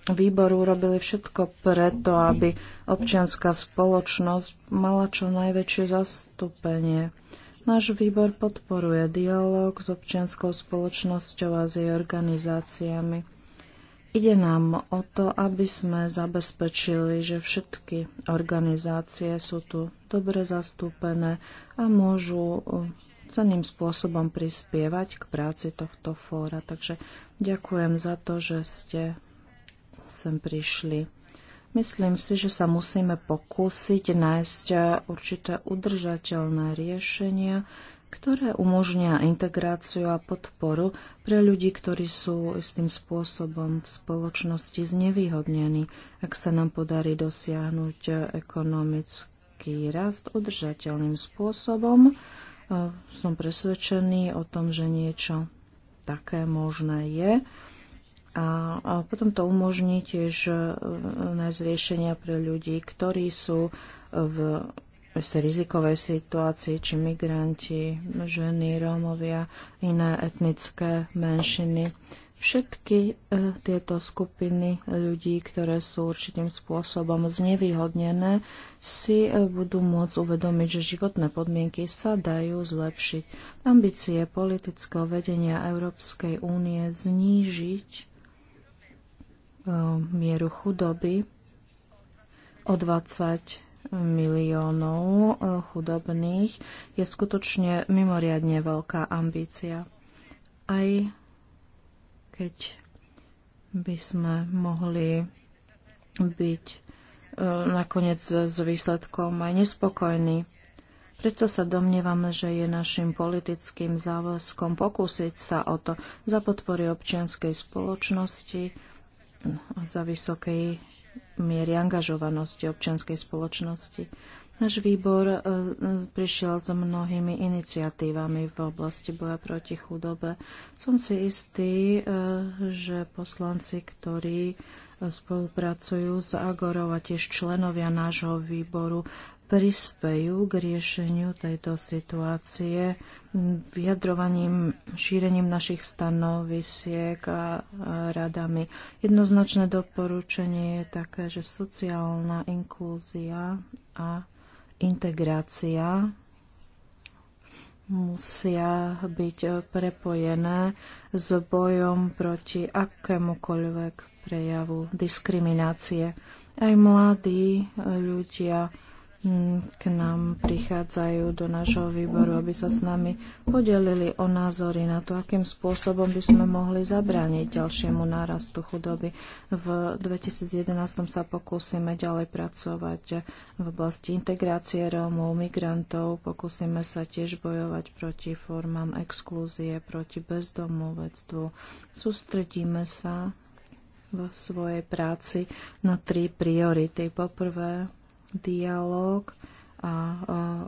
výboru urobili všetko preto, aby občianská spoločnosť mala čo najväčšie zastúpenie. Náš výbor podporuje dialog s občianskou spoločnosťou a s jej organizáciami. Ide nám o to, aby sme zabezpečili, že všetky organizácie sú tu dobre zastúpené a môžu ceným spôsobom prispievať k práci tohto fóra. Takže ďakujem za to, že ste sem prišli. Myslím si, že sa musíme pokúsiť nájsť určité udržateľné riešenia, ktoré umožnia integráciu a podporu pre ľudí, ktorí sú istým spôsobom v spoločnosti znevýhodnení, ak sa nám podarí dosiahnuť ekonomický rast udržateľným spôsobom. E, som presvedčený o tom, že niečo také možné je. A, potom to umožní tiež e, nájsť riešenia pre ľudí, ktorí sú v z rizikovej situácii, či migranti, ženy, Rómovia, iné etnické menšiny. Všetky e, tieto skupiny ľudí, ktoré sú určitým spôsobom znevýhodnené, si e, budú môcť uvedomiť, že životné podmienky sa dajú zlepšiť. Ambície politického vedenia Európskej únie znížiť e, mieru chudoby o 20 miliónov eh, chudobných, je skutočne mimoriadne veľká ambícia. Aj keď by sme mohli byť eh, nakoniec s výsledkom aj nespokojní. Prečo sa domnievame, že je našim politickým záväzkom pokúsiť sa o to za podpory občianskej spoločnosti, za vysokej miery angažovanosti občianskej spoločnosti. Náš výbor e, prišiel so mnohými iniciatívami v oblasti boja proti chudobe. Som si istý, e, že poslanci, ktorí e, spolupracujú s Agorou a tiež členovia nášho výboru prispejú k riešeniu tejto situácie vyjadrovaním, šírením našich stanovisiek a radami. Jednoznačné doporučenie je také, že sociálna inklúzia a integrácia musia byť prepojené s bojom proti akémukoľvek prejavu diskriminácie. Aj mladí ľudia Mm, k nám prichádzajú do nášho výboru, aby sa s nami podelili o názory na to, akým spôsobom by sme mohli zabrániť ďalšiemu nárastu chudoby. V 2011 sa pokúsime ďalej pracovať v oblasti integrácie Rómov, migrantov, pokúsime sa tiež bojovať proti formám exklúzie, proti bezdomovectvu. Sústredíme sa vo svojej práci na tri priority. Poprvé, dialog a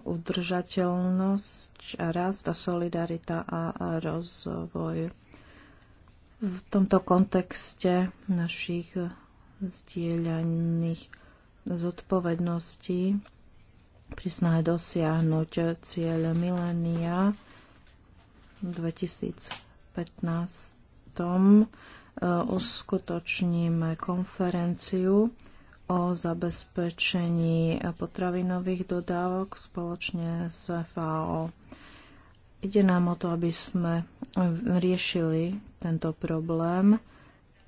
udržateľnosť, a rast a solidarita a rozvoj. V tomto kontexte našich zdieľaných zodpovedností pri snahe dosiahnuť cieľ milénia 2015 e, uskutočníme konferenciu o zabezpečení potravinových dodávok spoločne s FAO. Ide nám o to, aby sme riešili tento problém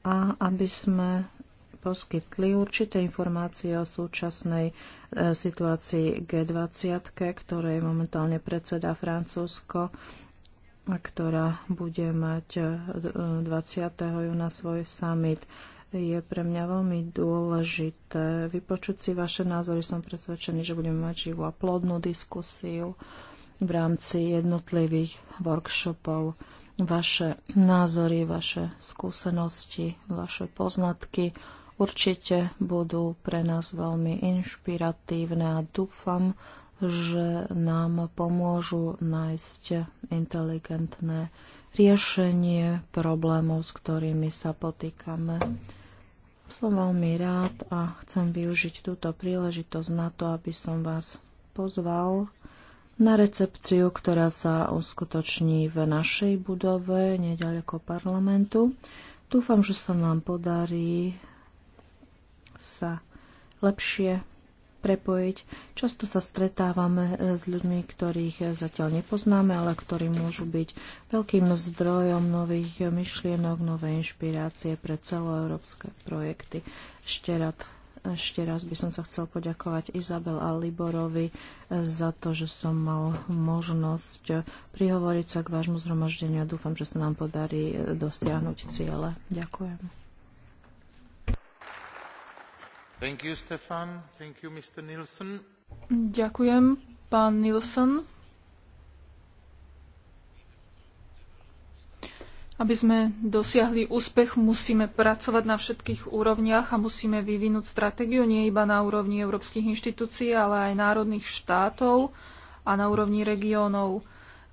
a aby sme poskytli určité informácie o súčasnej e, situácii G20, ktorej momentálne predseda Francúzsko a ktorá bude mať 20. E, júna svoj summit je pre mňa veľmi dôležité vypočuť si vaše názory. Som presvedčený, že budeme mať živú a plodnú diskusiu v rámci jednotlivých workshopov. Vaše názory, vaše skúsenosti, vaše poznatky určite budú pre nás veľmi inšpiratívne a dúfam, že nám pomôžu nájsť inteligentné riešenie problémov, s ktorými sa potýkame. Som veľmi rád a chcem využiť túto príležitosť na to, aby som vás pozval na recepciu, ktorá sa uskutoční v našej budove nedaleko parlamentu. Dúfam, že sa nám podarí sa lepšie prepojiť. Často sa stretávame e, s ľuďmi, ktorých e, zatiaľ nepoznáme, ale ktorí môžu byť veľkým zdrojom nových myšlienok, nové inšpirácie pre celoeurópske projekty. Ešte rád ešte raz by som sa chcel poďakovať Izabel a Liborovi e, za to, že som mal možnosť prihovoriť sa k vášmu zhromaždeniu a dúfam, že sa nám podarí dosiahnuť ciele. Ďakujem. Ďakujem, pán Nilsson. Aby sme dosiahli úspech, musíme pracovať na všetkých úrovniach a musíme vyvinúť stratégiu nie iba na úrovni európskych inštitúcií, ale aj národných štátov a na úrovni regiónov.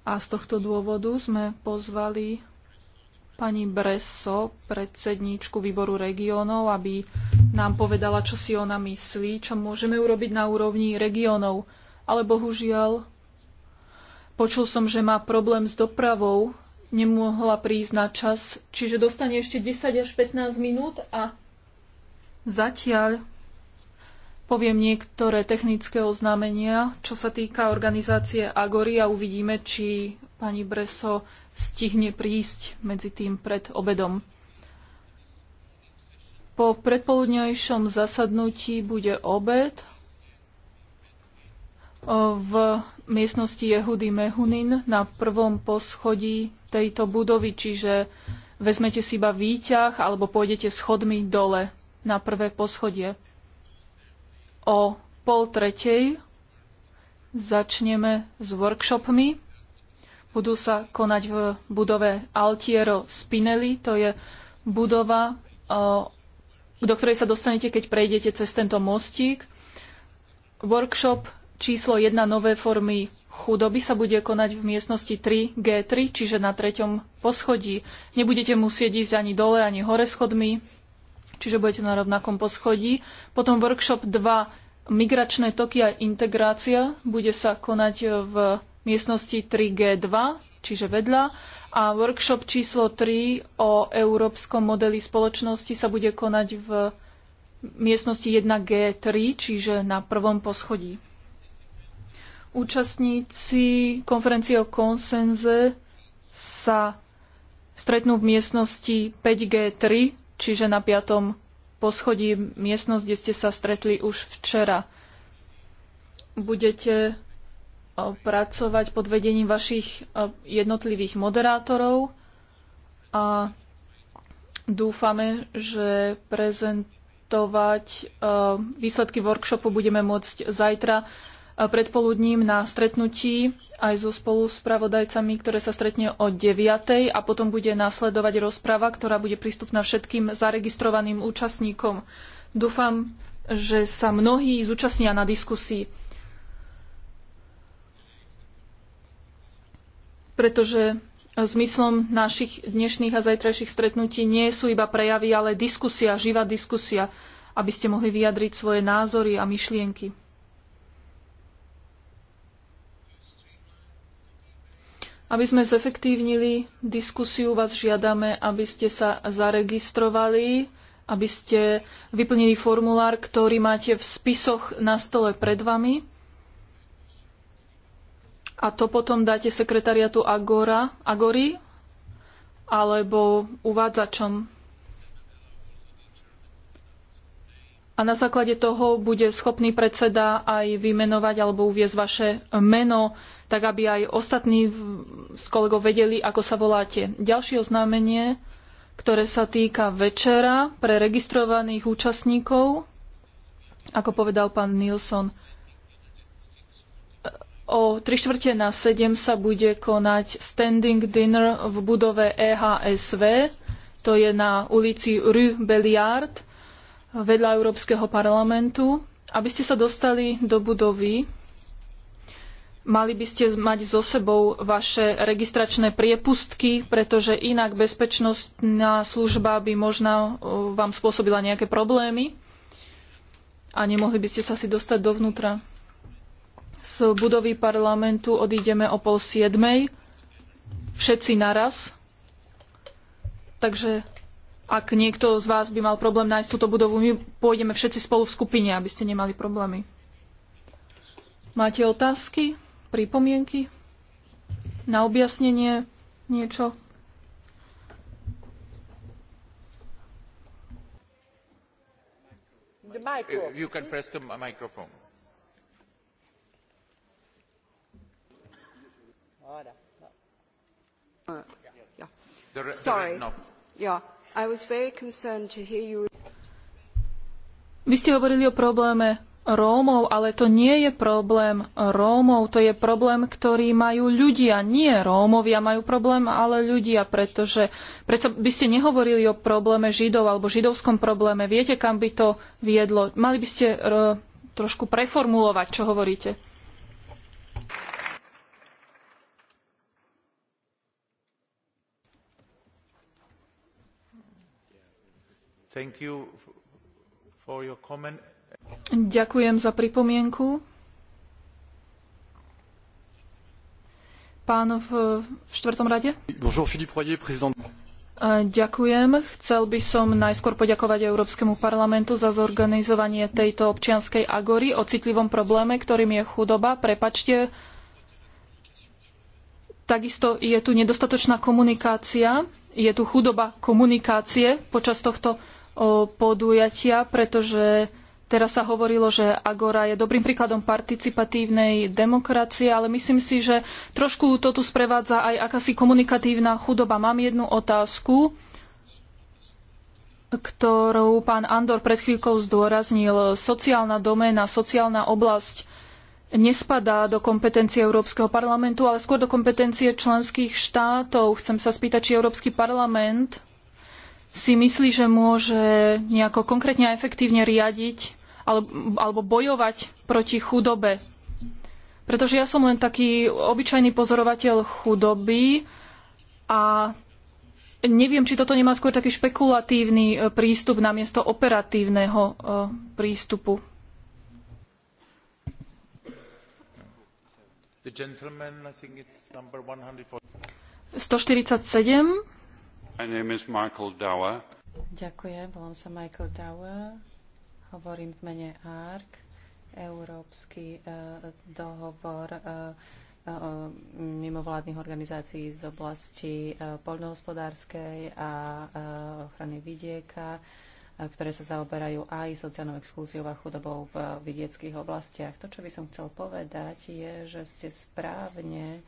A z tohto dôvodu sme pozvali pani Breso, predsedníčku výboru regiónov, aby nám povedala, čo si ona myslí, čo môžeme urobiť na úrovni regiónov. Ale bohužiaľ, počul som, že má problém s dopravou, nemohla prísť na čas, čiže dostane ešte 10 až 15 minút a zatiaľ poviem niektoré technické oznámenia, čo sa týka organizácie Agory a uvidíme, či pani Breso stihne prísť medzi tým pred obedom. Po predpoludňajšom zasadnutí bude obed v miestnosti Jehudy Mehunin na prvom poschodí tejto budovy, čiže vezmete si iba výťah alebo pôjdete schodmi dole na prvé poschodie. O pol tretej začneme s workshopmi budú sa konať v budove Altiero Spinelli, to je budova, do ktorej sa dostanete, keď prejdete cez tento mostík. Workshop číslo 1 nové formy chudoby sa bude konať v miestnosti 3G3, čiže na treťom poschodí. Nebudete musieť ísť ani dole, ani hore schodmi, čiže budete na rovnakom poschodí. Potom workshop 2 Migračné toky a integrácia bude sa konať v miestnosti 3G2, čiže vedľa. A workshop číslo 3 o európskom modeli spoločnosti sa bude konať v miestnosti 1G3, čiže na prvom poschodí. Účastníci konferencie o konsenze sa stretnú v miestnosti 5G3, čiže na piatom poschodí miestnosť, kde ste sa stretli už včera. Budete pracovať pod vedením vašich e, jednotlivých moderátorov a dúfame, že prezentovať e, výsledky workshopu budeme môcť zajtra e, predpoludním na stretnutí aj so spoluspravodajcami, ktoré sa stretne o 9. a potom bude následovať rozprava, ktorá bude prístupná všetkým zaregistrovaným účastníkom. Dúfam, že sa mnohí zúčastnia na diskusii. pretože e, zmyslom našich dnešných a zajtrajších stretnutí nie sú iba prejavy, ale diskusia, živá diskusia, aby ste mohli vyjadriť svoje názory a myšlienky. Aby sme zefektívnili diskusiu, vás žiadame, aby ste sa zaregistrovali, aby ste vyplnili formulár, ktorý máte v spisoch na stole pred vami. A to potom dáte sekretariatu Agora, Agory alebo uvádzačom. A na základe toho bude schopný predseda aj vymenovať alebo uviezť vaše meno, tak aby aj ostatní z kolegov vedeli, ako sa voláte. Ďalšie oznámenie, ktoré sa týka večera pre registrovaných účastníkov, ako povedal pán Nilsson, O tri štvrte na sedem sa bude konať standing dinner v budove EHSV, to je na ulici Rue Belliard, vedľa Európskeho parlamentu. Aby ste sa dostali do budovy, mali by ste mať so sebou vaše registračné priepustky, pretože inak bezpečnostná služba by možno vám spôsobila nejaké problémy a nemohli by ste sa si dostať dovnútra z budovy parlamentu odídeme o pol siedmej, všetci naraz. Takže ak niekto z vás by mal problém nájsť túto budovu, my pôjdeme všetci spolu v skupine, aby ste nemali problémy. Máte otázky, pripomienky na objasnenie niečo? The micro. You can press the microphone. Uh, yeah. Sorry. No. yeah. I was very concerned to hear you... Vy ste hovorili o probléme Rómov, ale to nie je problém Rómov, to je problém, ktorý majú ľudia. Nie Rómovia majú problém, ale ľudia, pretože predsa by ste nehovorili o probléme Židov alebo židovskom probléme. Viete, kam by to viedlo? Mali by ste e, trošku preformulovať, čo hovoríte. Ďakujem za pripomienku. Pán v, v štvrtom rade. Bonjour, Philippe Royer, Ďakujem. Chcel by som najskôr poďakovať Európskemu parlamentu za zorganizovanie tejto občianskej agory o citlivom probléme, ktorým je chudoba. Prepačte, takisto je tu nedostatočná komunikácia, je tu chudoba komunikácie počas tohto podujatia, pretože teraz sa hovorilo, že Agora je dobrým príkladom participatívnej demokracie, ale myslím si, že trošku to tu sprevádza aj akási komunikatívna chudoba. Mám jednu otázku ktorú pán Andor pred chvíľkou zdôraznil. Sociálna doména, sociálna oblasť nespadá do kompetencie Európskeho parlamentu, ale skôr do kompetencie členských štátov. Chcem sa spýtať, či Európsky parlament si myslí, že môže nejako konkrétne a efektívne riadiť alebo bojovať proti chudobe. Pretože ja som len taký obyčajný pozorovateľ chudoby a neviem, či toto nemá skôr taký špekulatívny e, prístup namiesto operatívneho e, prístupu. The 147 Ďakujem, volám sa Michael Dower, hovorím v mene ARC, Európsky uh, dohovor uh, mimovládnych organizácií z oblasti poľnohospodárskej a ochrany vidieka, ktoré sa zaoberajú aj sociálnou exkluziou a chudobou v vidieckých oblastiach. To, čo by som chcel povedať, je, že ste správne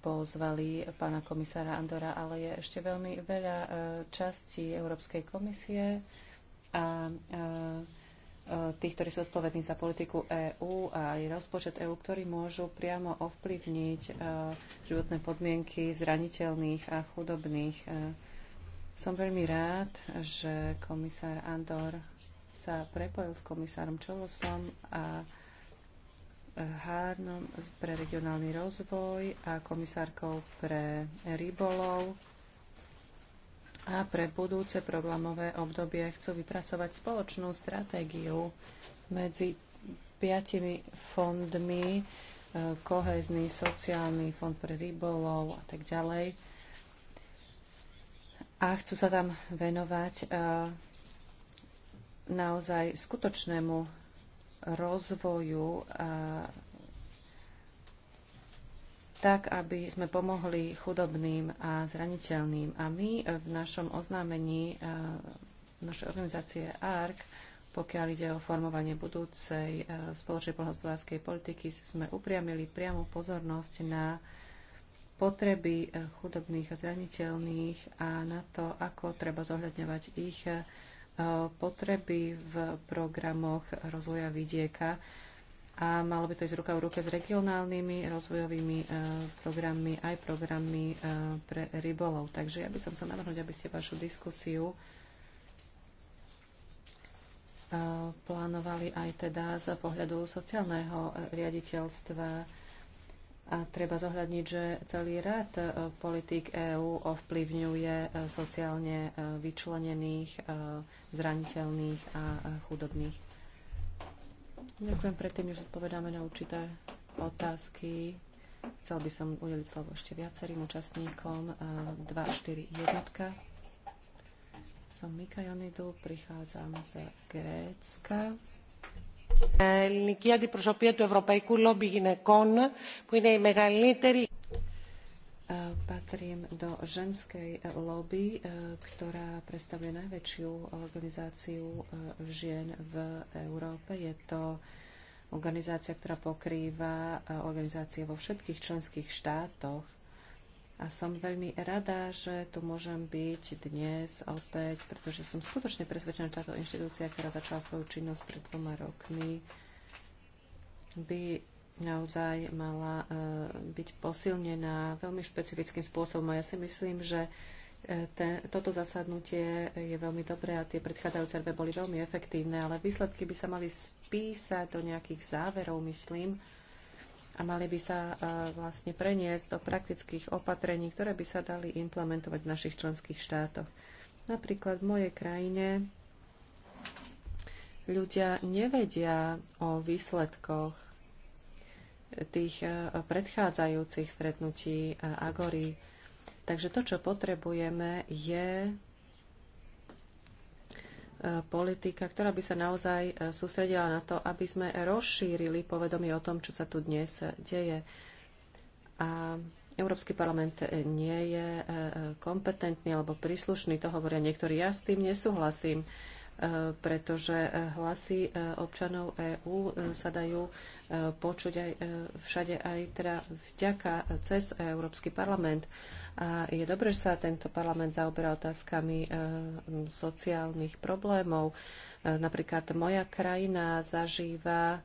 pozvali pána komisára Andora, ale je ešte veľmi veľa e, častí Európskej komisie a e, e, tých, ktorí sú odpovední za politiku EÚ a aj rozpočet EÚ, ktorí môžu priamo ovplyvniť životné podmienky zraniteľných a chudobných. Som veľmi rád, že komisár Andor sa prepojil s komisárom Čolosom a Hárnom pre regionálny rozvoj a komisárkou pre rybolov a pre budúce programové obdobie chcú vypracovať spoločnú stratégiu medzi piatimi fondmi, e, kohezný, sociálny fond pre rybolov a tak ďalej. A chcú sa tam venovať e, naozaj skutočnému rozvoju a tak, aby sme pomohli chudobným a zraniteľným. A my v našom oznámení našej organizácie ARC, pokiaľ ide o formovanie budúcej spoločnej poľnohospodárskej politiky, sme upriamili priamu pozornosť na potreby chudobných a zraniteľných a na to, ako treba zohľadňovať ich E, potreby v programoch rozvoja vidieka a malo by to ísť ruka v ruke s regionálnymi rozvojovými e, programmi aj programmi e, pre rybolov. Takže ja by som chcel navrhnúť, aby ste vašu diskusiu plánovali aj teda z pohľadu sociálneho riaditeľstva a treba zohľadniť, že celý rad e, politik EÚ ovplyvňuje e, sociálne e, vyčlenených, zraniteľných a chudobných. Ďakujem predtým, než odpovedáme na určité otázky. Chcel by som udeliť slovo ešte viacerým účastníkom. 2, 4, jednotka. Som Mika Jonidu, prichádzam z Grécka ελληνική αντιπροσωπεία του Ευρωπαϊκού Λόμπι Γυναικών, που είναι η μεγαλύτερη. Patrím do ženskej lobby, ktorá predstavuje najväčšiu organizáciu e, žien v Európe. Je to organizácia, ktorá pokrýva e, organizácie vo všetkých členských štátoch a som veľmi rada, že tu môžem byť dnes opäť, pretože som skutočne presvedčená, že táto inštitúcia, ktorá začala svoju činnosť pred dvoma rokmi, by naozaj mala e, byť posilnená veľmi špecifickým spôsobom. A ja si myslím, že e, te, toto zasadnutie je veľmi dobré a tie predchádzajúce dve boli veľmi efektívne, ale výsledky by sa mali spísať do nejakých záverov, myslím a mali by sa e, vlastne preniesť do praktických opatrení, ktoré by sa dali implementovať v našich členských štátoch. Napríklad v mojej krajine ľudia nevedia o výsledkoch tých e, predchádzajúcich stretnutí Agory. Takže to, čo potrebujeme, je E, politika, ktorá by sa naozaj e, sústredila na to, aby sme rozšírili povedomie o tom, čo sa tu dnes e, deje. A Európsky parlament nie je kompetentný alebo príslušný, to hovoria niektorí. Ja s tým nesúhlasím. E, pretože e, hlasy e, občanov EÚ sa dajú počuť aj všade aj teda vďaka cez Európsky parlament. A je dobré, že sa tento parlament zaoberá otázkami sociálnych problémov. Napríklad moja krajina zažíva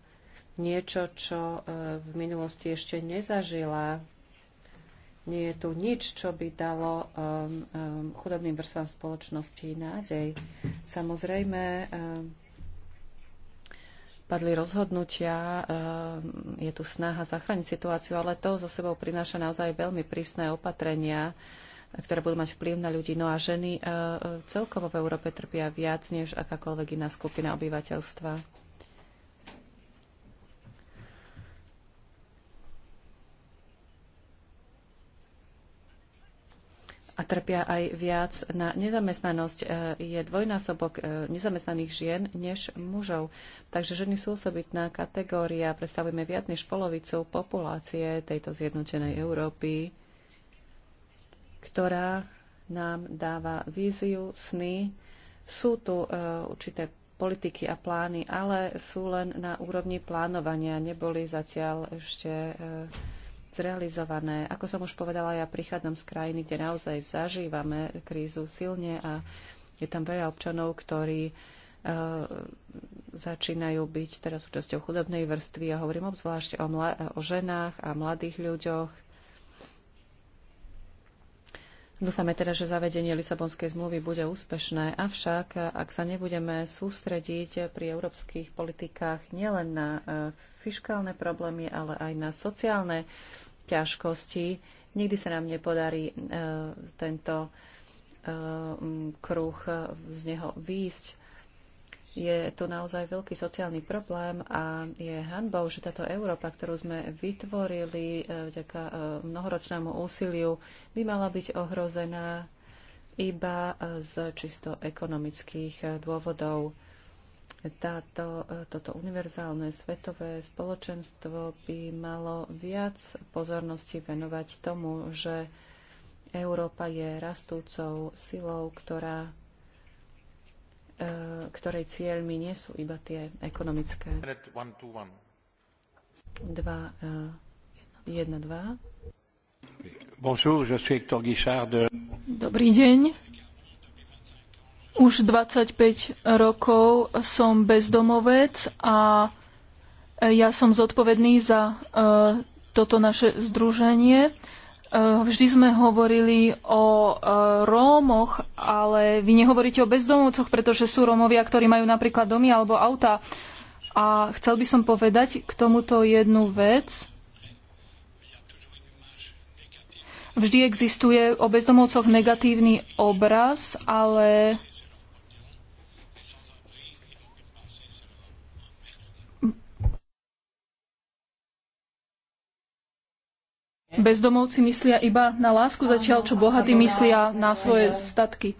niečo, čo v minulosti ešte nezažila nie je tu nič, čo by dalo um, um, chudobným vrstvám spoločnosti nádej. Samozrejme, um, padli rozhodnutia, um, je tu snaha zachrániť situáciu, ale to zo sebou prináša naozaj veľmi prísne opatrenia, ktoré budú mať vplyv na ľudí. No a ženy uh, uh celkovo v Európe trpia viac než akákoľvek iná skupina obyvateľstva. a trpia aj viac na nezamestnanosť. E, je dvojnásobok e, nezamestnaných žien než mužov. Takže ženy sú osobitná kategória, predstavujeme viac než polovicu populácie tejto zjednotenej Európy, ktorá nám dáva víziu, sny. Sú tu e, určité politiky a plány, ale sú len na úrovni plánovania, neboli zatiaľ ešte zrealizované. Ako som už povedala, ja prichádzam z krajiny, kde naozaj zažívame krízu silne a je tam veľa občanov, ktorí e, začínajú byť teraz súčasťou chudobnej vrstvy a hovorím obzvlášť o, o ženách a mladých ľuďoch. Dúfame teda, že zavedenie Lisabonskej zmluvy bude úspešné, avšak ak sa nebudeme sústrediť pri európskych politikách nielen na e, fiskálne problémy, ale aj na sociálne ťažkosti. Nikdy sa nám nepodarí e, tento e, kruh e, z neho výjsť. Je tu naozaj veľký sociálny problém a je hanbou, že táto Európa, ktorú sme vytvorili e, vďaka e, mnohoročnému úsiliu, by mala byť ohrozená iba z čisto ekonomických dôvodov táto, e, toto univerzálne svetové spoločenstvo by malo viac pozornosti venovať tomu, že Európa je rastúcou silou, ktorá, e, ktorej cieľmi nie sú iba tie ekonomické. 1, 2, 1, 2. Bonjour, je suis Hector Guichard de... Dobrý deň, už 25 rokov som bezdomovec a ja som zodpovedný za uh, toto naše združenie. Uh, vždy sme hovorili o uh, Rómoch, ale vy nehovoríte o bezdomovcoch, pretože sú Rómovia, ktorí majú napríklad domy alebo auta. A chcel by som povedať k tomuto jednu vec. Vždy existuje o bezdomovcoch negatívny obraz, ale Bezdomovci myslia iba na lásku, zatiaľ čo bohatí myslia na svoje statky.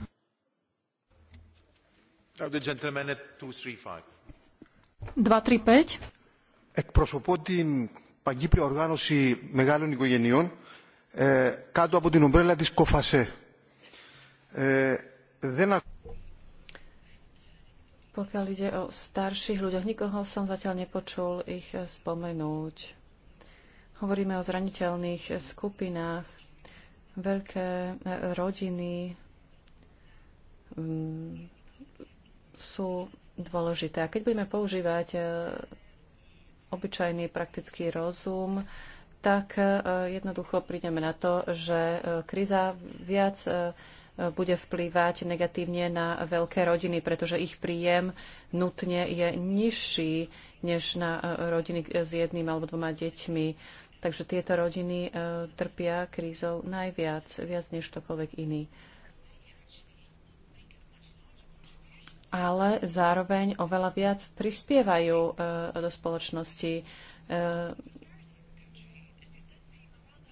Εκπροσωπώ την παγκύπρια οργάνωση μεγάλων οικογενειών ε, κάτω από την ομπρέλα της Ε, δεν Pokiaľ ide o starších ľuďoch, nikoho som zatiaľ nepočul ich spomenúť. Hovoríme o zraniteľných skupinách, veľké e, rodiny mm, sú dôležité. A keď budeme používať e, obyčajný praktický rozum, tak e, jednoducho prídeme na to, že kríza viac bude vplývať negatívne na veľké rodiny, pretože ich príjem nutne je nižší než na rodiny s jedným alebo dvoma deťmi. Takže tieto rodiny e, trpia krízou najviac, viac než ktokoľvek iný. ale zároveň oveľa viac prispievajú e, do spoločnosti. E,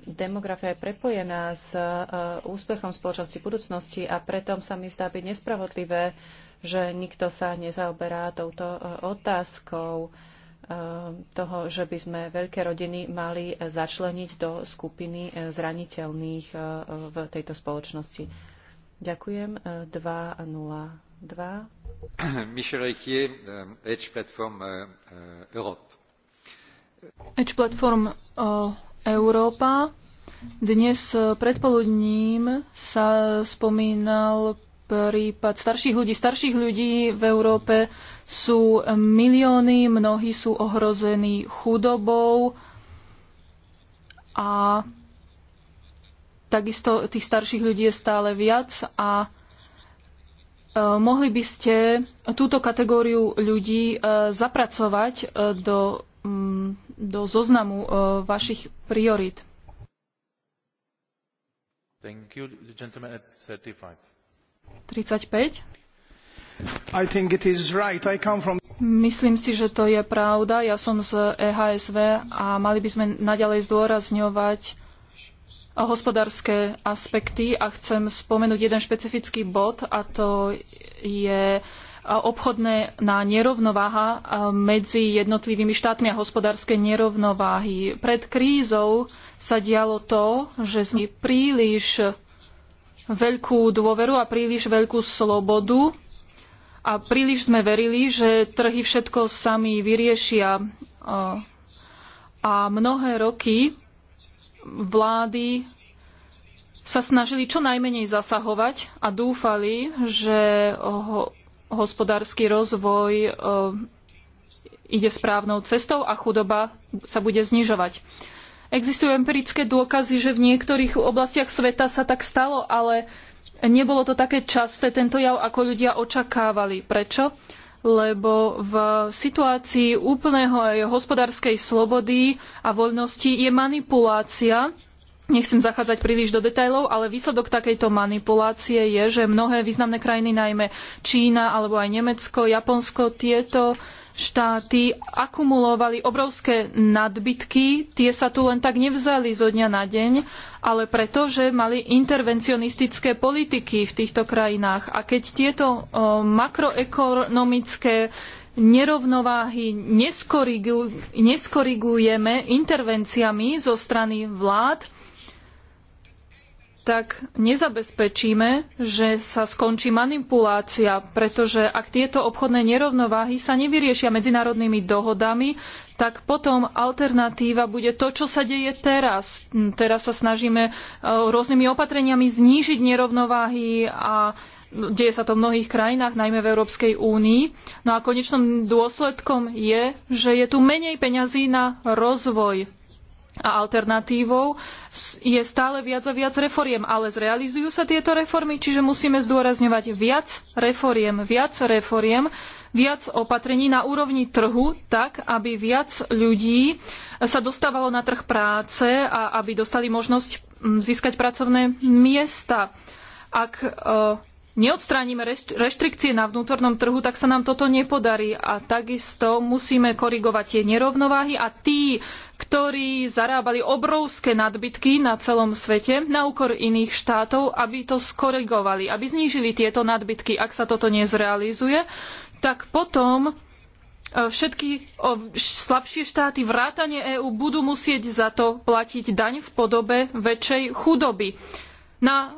demografia je prepojená s e, úspechom spoločnosti budúcnosti a preto sa mi zdá byť nespravodlivé, že nikto sa nezaoberá touto e, otázkou. Eh, toho, že by sme veľké rodiny mali začleniť do skupiny eh, zraniteľných eh, v tejto spoločnosti. Ďakujem. 2.02. <coughs> Michel Riquier, Edge Platform Europe. Edge Platform Európa. Dnes predpoludním sa spomínal prípad starších ľudí. Starších ľudí v Európe sú milióny, mnohí sú ohrození chudobou a takisto tých starších ľudí je stále viac a e, mohli by ste túto kategóriu ľudí e, zapracovať e, do, mm, do zoznamu vašich priorit. Thank you, the gentleman at 35. 35. Right. From... Myslím si, že to je pravda. Ja som z EHSV a mali by sme naďalej zdôrazňovať hospodárske aspekty a chcem spomenúť jeden špecifický bod a to je obchodné na nerovnováha eh, medzi jednotlivými štátmi a hospodárske nerovnováhy. Pred krízou sa dialo to, že sme príliš veľkú dôveru a príliš veľkú slobodu a príliš sme verili, že trhy všetko sami vyriešia. A mnohé roky vlády sa snažili čo najmenej zasahovať a dúfali, že hospodársky rozvoj ide správnou cestou a chudoba sa bude znižovať. Existujú empirické dôkazy, že v niektorých oblastiach sveta sa tak stalo, ale Nebolo to také časté tento jav, ako ľudia očakávali. Prečo? Lebo v situácii úplného hospodárskej slobody a voľnosti je manipulácia Nechcem zachádzať príliš do detajlov, ale výsledok takejto manipulácie je, že mnohé významné krajiny, najmä Čína alebo aj Nemecko, Japonsko, tieto štáty akumulovali obrovské nadbytky. Tie sa tu len tak nevzali zo dňa na deň, ale preto, že mali intervencionistické politiky v týchto krajinách. A keď tieto o, makroekonomické nerovnováhy neskorigujeme intervenciami zo strany vlád, tak nezabezpečíme, že sa skončí manipulácia, pretože ak tieto obchodné nerovnováhy sa nevyriešia medzinárodnými dohodami, tak potom alternatíva bude to, čo sa deje teraz. Teraz sa snažíme e, rôznymi opatreniami znížiť nerovnováhy a deje sa to v mnohých krajinách, najmä v Európskej únii. No a konečným dôsledkom je, že je tu menej peňazí na rozvoj a alternatívou je stále viac a viac reforiem, ale zrealizujú sa tieto reformy, čiže musíme zdôrazňovať viac reforiem, viac reforiem, viac opatrení na úrovni trhu, tak aby viac ľudí sa dostávalo na trh práce a aby dostali možnosť mm, získať pracovné miesta. Ak e, neodstránime reštrikcie na vnútornom trhu, tak sa nám toto nepodarí. A takisto musíme korigovať tie nerovnováhy a tí, ktorí zarábali obrovské nadbytky na celom svete na úkor iných štátov, aby to skorigovali, aby znížili tieto nadbytky. Ak sa toto nezrealizuje, tak potom e, všetky slabšie štáty vrátane EÚ budú musieť za to platiť daň v podobe väčšej chudoby. Na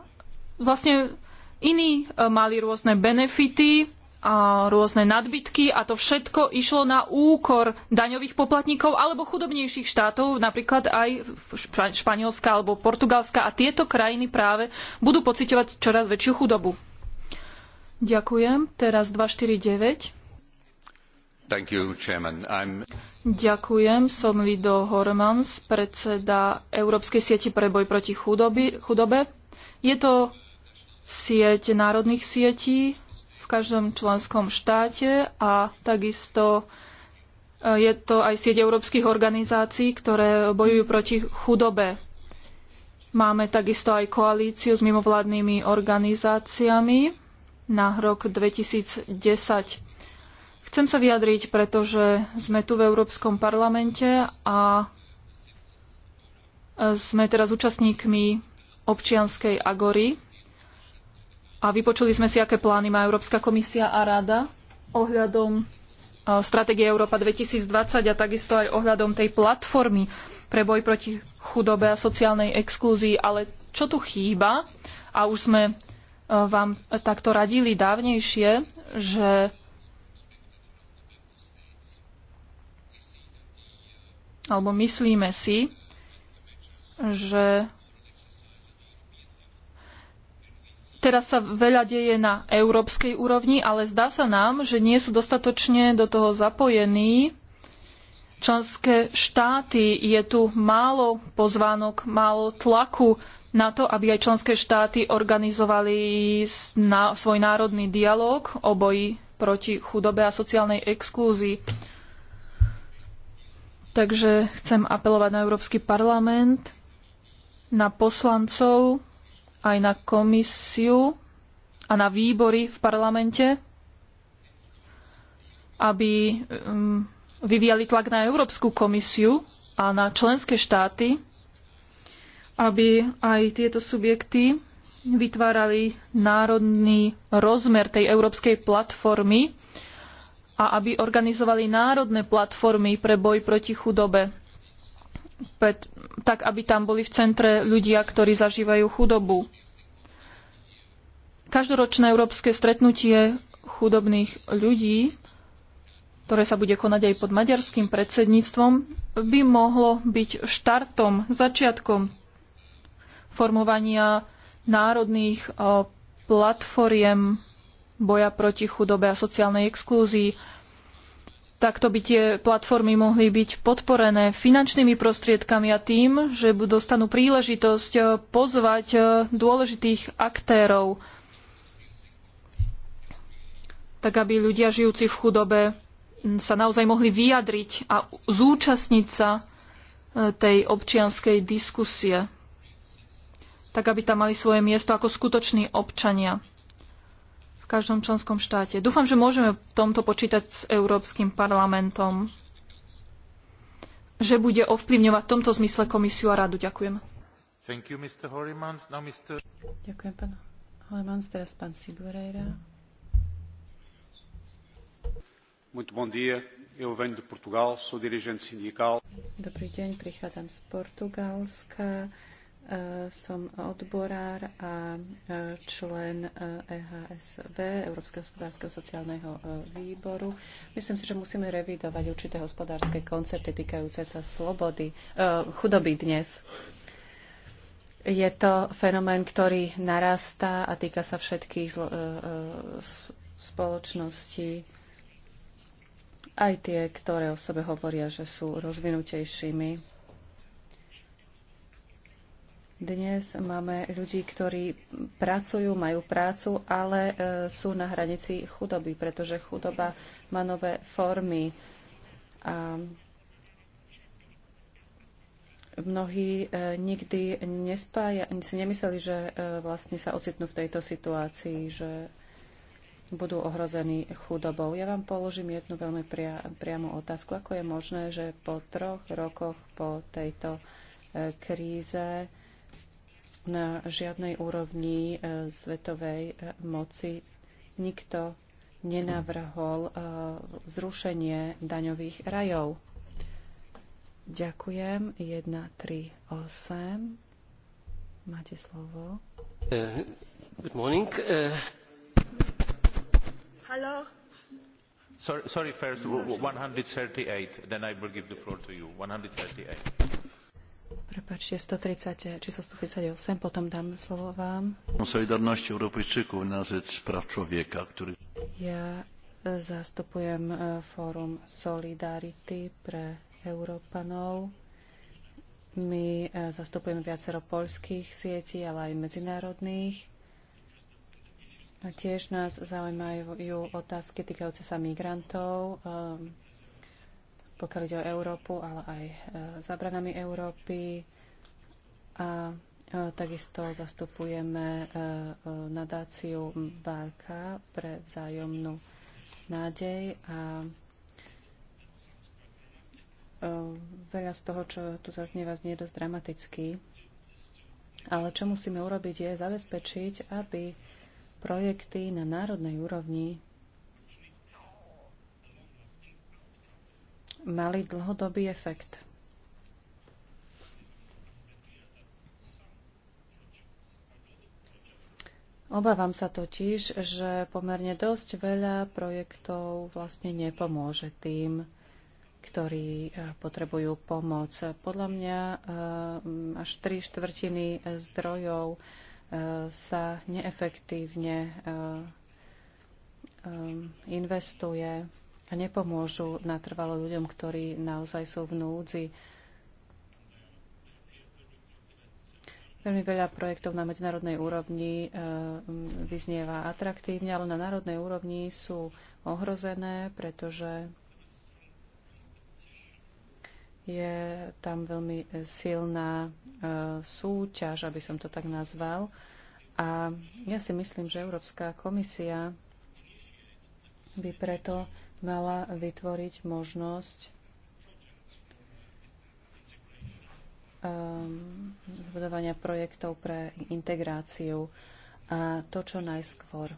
vlastne Iní e, mali rôzne benefity, a rôzne nadbytky a to všetko išlo na úkor daňových poplatníkov alebo chudobnejších štátov, napríklad aj Španielska alebo Portugalska a tieto krajiny práve budú pociťovať čoraz väčšiu chudobu. Ďakujem. Teraz 249. Thank you, chairman. I'm... Ďakujem. Som Lido Hormans, predseda Európskej siete pre boj proti chudoby, chudobe. Je to sieť národných sietí v každom členskom štáte a takisto e, je to aj sieť európskych organizácií, ktoré bojujú proti chudobe. Máme takisto aj koalíciu s mimovládnymi organizáciami na rok 2010. Chcem sa vyjadriť, pretože sme tu v Európskom parlamente a e, sme teraz účastníkmi občianskej agory a vypočuli sme si, aké plány má Európska komisia a rada ohľadom e, stratégie Európa 2020 a takisto aj ohľadom tej platformy pre boj proti chudobe a sociálnej exklúzii. Ale čo tu chýba, a už sme e, vám takto radili dávnejšie, že alebo myslíme si, že Teraz sa veľa deje na európskej úrovni, ale zdá sa nám, že nie sú dostatočne do toho zapojení členské štáty. Je tu málo pozvánok, málo tlaku na to, aby aj členské štáty organizovali svoj národný dialog o boji proti chudobe a sociálnej exklúzii. Takže chcem apelovať na Európsky parlament, na poslancov, aj na komisiu a na výbory v parlamente, aby um, vyvíjali tlak na Európsku komisiu a na členské štáty, aby aj tieto subjekty vytvárali národný rozmer tej európskej platformy a aby organizovali národné platformy pre boj proti chudobe tak aby tam boli v centre ľudia, ktorí zažívajú chudobu. Každoročné európske stretnutie chudobných ľudí, ktoré sa bude konať aj pod maďarským predsedníctvom, by mohlo byť štartom, začiatkom formovania národných eh, platforiem boja proti chudobe a sociálnej exklúzii. Takto by tie platformy mohli byť podporené finančnými prostriedkami a tým, že dostanú príležitosť eh, pozvať eh, dôležitých aktérov, tak aby ľudia žijúci v chudobe hm, sa naozaj mohli vyjadriť a zúčastniť sa eh, tej občianskej diskusie, tak aby tam mali svoje miesto ako skutoční občania každom členskom štáte. Dúfam, že môžeme v tomto počítať s Európskym parlamentom, že bude ovplyvňovať v tomto zmysle komisiu a radu. Ďakujem. You, Mr. Now, Mr. Ďakujem, pán Horimans. Teraz pán Sigureira. Muito bom dia. Eu venho de Portugal, sou dirigente sindical. Dobrý deň, prichádzam z Portugalska E, som odborár a e, člen EHSV, e Európskeho hospodárskeho sociálneho výboru. Myslím si, že musíme revidovať určité hospodárske koncepty týkajúce sa slobody, chudoby dnes. Je to fenomén, ktorý narastá a týka sa všetkých spoločností, aj tie, ktoré o sebe hovoria, že sú rozvinutejšími dnes máme ľudí, ktorí pracujú, majú prácu, ale e, sú na hranici chudoby, pretože chudoba má nové formy. A mnohí e, nikdy nespája, si nemysleli, že e, vlastne sa ocitnú v tejto situácii, že budú ohrození chudobou. Ja vám položím jednu veľmi pria, priamu otázku. Ako je možné, že po troch rokoch po tejto kríze na žiadnej úrovni e, svetovej e, moci nikto nenavrhol e, zrušenie daňových rajov. Ďakujem. 1, 3, 8. Máte slovo. Uh, good morning. Uh... Hello. Sorry, sorry, first 138, then I will give the floor to you. 138. Prepačte, 130, číslo 138, potom dám slovo vám. Solidarności Európejčíkov na rzecz práv človeka, ktorý... Ja e, zastupujem e, fórum Solidarity pre Európanov. My e, zastupujeme viacero polských sietí, ale aj medzinárodných. A tiež nás zaujímajú otázky týkajúce sa migrantov, pokiaľ ide o Európu, ale aj e, za branami Európy. A e, takisto zastupujeme e, nadáciu Barka pre vzájomnú nádej a veľa z toho, čo tu zaznieva, znie dosť dramaticky. Ale čo musíme urobiť, je zabezpečiť, aby projekty na národnej úrovni mali dlhodobý efekt. Obávam sa totiž, že pomerne dosť veľa projektov vlastne nepomôže tým, ktorí e, potrebujú pomoc. Podľa mňa e, až tri štvrtiny zdrojov e, sa neefektívne investuje a nepomôžu natrvalo ľuďom, ktorí naozaj sú v núdzi. Veľmi veľa projektov na medzinárodnej úrovni eh, vyznieva atraktívne, ale na národnej úrovni sú ohrozené, pretože je tam veľmi silná eh, súťaž, aby som to tak nazval. A ja si myslím, že Európska komisia by preto mala vytvoriť možnosť ehm, budovania projektov pre integráciu a to čo najskôr,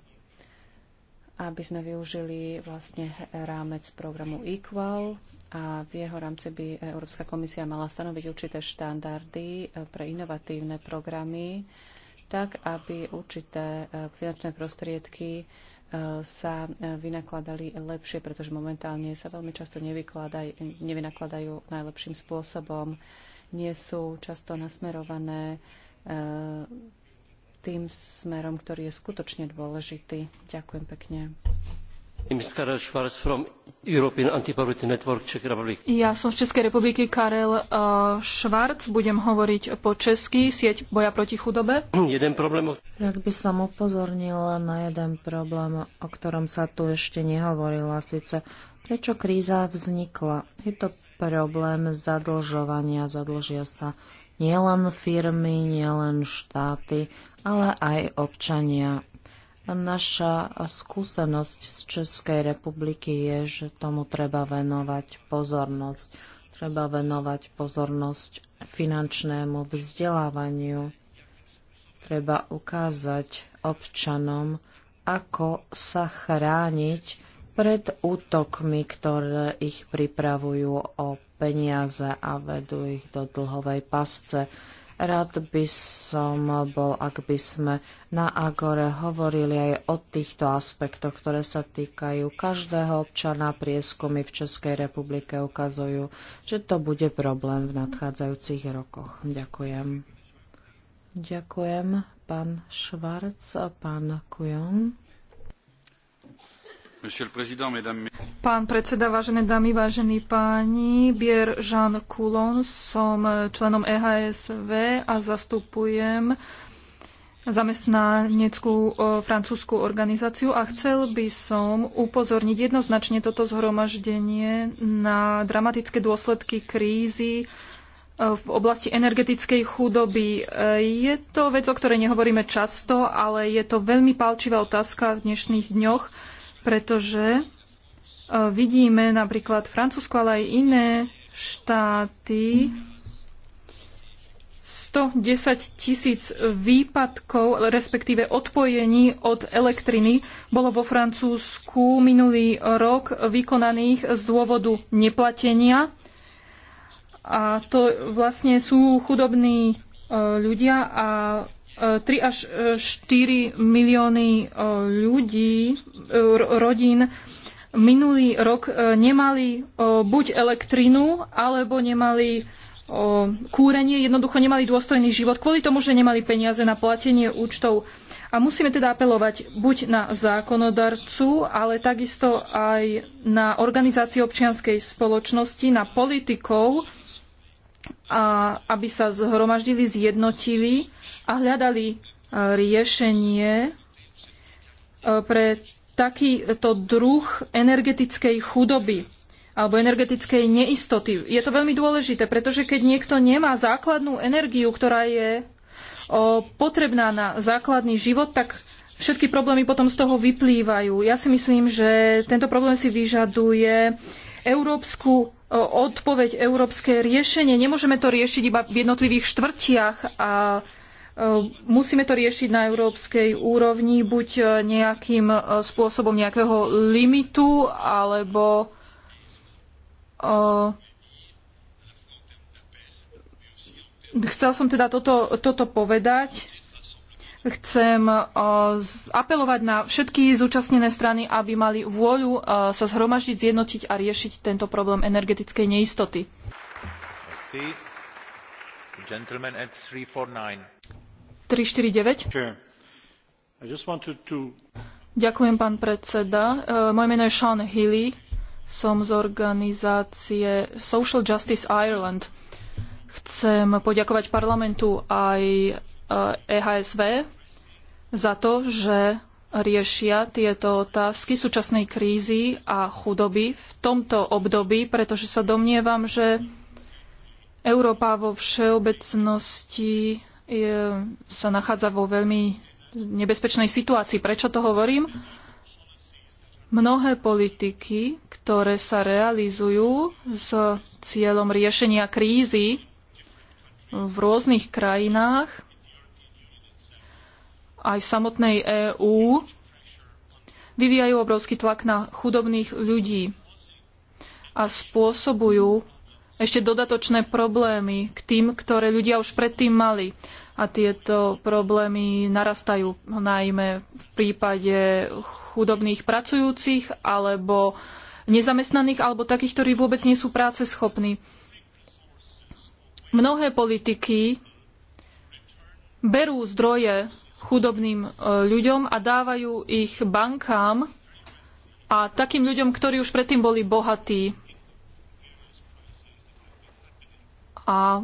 aby sme využili vlastne rámec programu Equal a v jeho rámci by Európska komisia mala stanoviť určité štandardy eh, pre inovatívne programy, tak aby určité eh, finančné prostriedky sa e, vynakladali lepšie, pretože momentálne sa veľmi často nevynakladajú najlepším spôsobom, nie sú často nasmerované e, tým smerom, ktorý je skutočne dôležitý. Ďakujem pekne. Ja som z Českej republiky Karel Švarc, uh, budem hovoriť po česky, sieť boja proti chudobe. <clears throat> Jeden problém. Rád by som upozornil na jeden problém, o ktorom sa tu ešte nehovorila, síce prečo kríza vznikla. Je to problém zadlžovania, zadlžia sa nielen firmy, nielen štáty, ale aj občania. Naša skúsenosť z Českej republiky je, že tomu treba venovať pozornosť. Treba venovať pozornosť finančnému vzdelávaniu. Treba ukázať občanom, ako sa chrániť pred útokmi, ktoré ich pripravujú o peniaze a vedú ich do dlhovej pasce. Rád by som bol, ak by sme na Agore hovorili aj o týchto aspektoch, ktoré sa týkajú každého občana. Prieskumy v Českej republike ukazujú, že to bude problém v nadchádzajúcich rokoch. Ďakujem. Ďakujem, pán Švarc a pán Kujon. Pán predseda, vážené dámy, vážení páni, Bier Jean Coulon, som členom EHSV a zastupujem zamestnaneckú e, francúzskú organizáciu a chcel by som upozorniť jednoznačne toto zhromaždenie na dramatické dôsledky krízy e, v oblasti energetickej chudoby. E, je to vec, o ktorej nehovoríme často, ale je to veľmi palčivá otázka v dnešných dňoch pretože e, vidíme napríklad Francúzsko, ale aj iné štáty 110 tisíc výpadkov, respektíve odpojení od elektriny bolo vo Francúzsku minulý rok vykonaných z dôvodu neplatenia. A to vlastne sú chudobní e, ľudia a 3 až 4 e, milióny e, ľudí, e, rodín minulý rok nemali buď elektrínu, alebo nemali kúrenie, jednoducho nemali dôstojný život kvôli tomu, že nemali peniaze na platenie účtov. A musíme teda apelovať buď na zákonodarcu, ale takisto aj na organizácie občianskej spoločnosti, na politikov, a aby sa zhromaždili, zjednotili a hľadali e, riešenie e, pre takýto druh energetickej chudoby alebo energetickej neistoty. Je to veľmi dôležité, pretože keď niekto nemá základnú energiu, ktorá je potrebná na základný život, tak všetky problémy potom z toho vyplývajú. Ja si myslím, že tento problém si vyžaduje európsku odpoveď, európske riešenie. Nemôžeme to riešiť iba v jednotlivých štvrtiach a e, musíme to riešiť na európskej úrovni buď e, nejakým e, spôsobom nejakého limitu alebo Chcel som teda toto, toto povedať Chcem eh, apelovať na všetky zúčastnené strany, aby mali vôľu eh, sa zhromaždiť, zjednotiť a riešiť tento problém energetickej neistoty. Ďakujem, pán predseda. Eh, moje meno je Sean Healy, som z organizácie Social Justice Ireland. Chcem poďakovať parlamentu aj EHSV za to, že riešia tieto otázky súčasnej krízy a chudoby v tomto období, pretože sa domnievam, že Európa vo všeobecnosti je, sa nachádza vo veľmi nebezpečnej situácii. Prečo to hovorím? Mnohé politiky, ktoré sa realizujú s cieľom riešenia krízy v rôznych krajinách, aj v samotnej EÚ vyvíjajú obrovský tlak na chudobných ľudí a spôsobujú ešte dodatočné problémy k tým, ktoré ľudia už predtým mali. A tieto problémy narastajú najmä v prípade chudobných pracujúcich alebo nezamestnaných alebo takých, ktorí vôbec nie sú práce schopní. Mnohé politiky berú zdroje chudobným e, ľuďom a dávajú ich bankám a takým ľuďom, ktorí už predtým boli bohatí a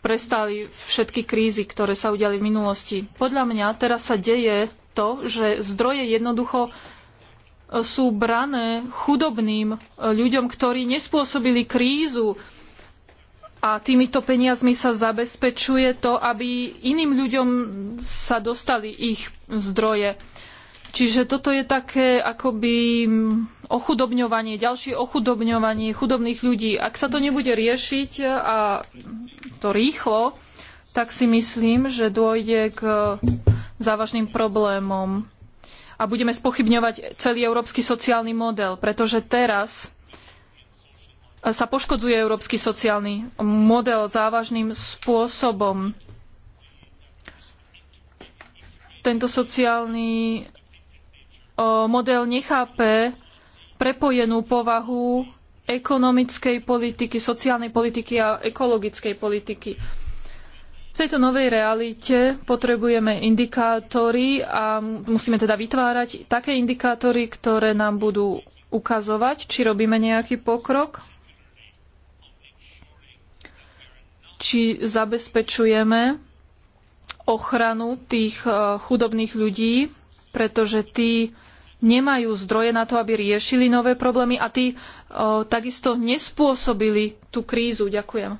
prestali všetky krízy, ktoré sa udiali v minulosti. Podľa mňa teraz sa deje to, že zdroje jednoducho e, sú brané chudobným e, ľuďom, ktorí nespôsobili krízu, a týmito peniazmi sa zabezpečuje to, aby iným ľuďom sa dostali ich zdroje. Čiže toto je také akoby ochudobňovanie, ďalšie ochudobňovanie chudobných ľudí. Ak sa to nebude riešiť e, a to rýchlo, tak si myslím, že dôjde k závažným problémom a budeme spochybňovať celý európsky sociálny model, pretože teraz sa poškodzuje európsky sociálny model závažným spôsobom. Tento sociálny model nechápe prepojenú povahu ekonomickej politiky, sociálnej politiky a ekologickej politiky. V tejto novej realite potrebujeme indikátory a musíme teda vytvárať také indikátory, ktoré nám budú ukazovať, či robíme nejaký pokrok či zabezpečujeme ochranu tých e, chudobných ľudí, pretože tí nemajú zdroje na to, aby riešili nové problémy a tí o, e, takisto nespôsobili tú krízu. Ďakujem.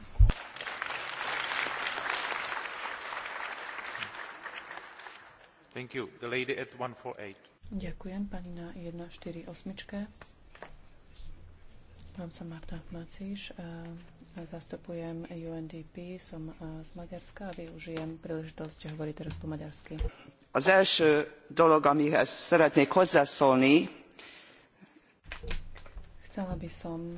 Ďakujem, pani na 148. Vám sa Marta Macíš. E, Zastupujem UNDP, som eh, z Maďarska a využijem príležitosť hovoriť teraz po maďarsky. Az első dolog, amihez szeretnék hozzászólni, Chcela by som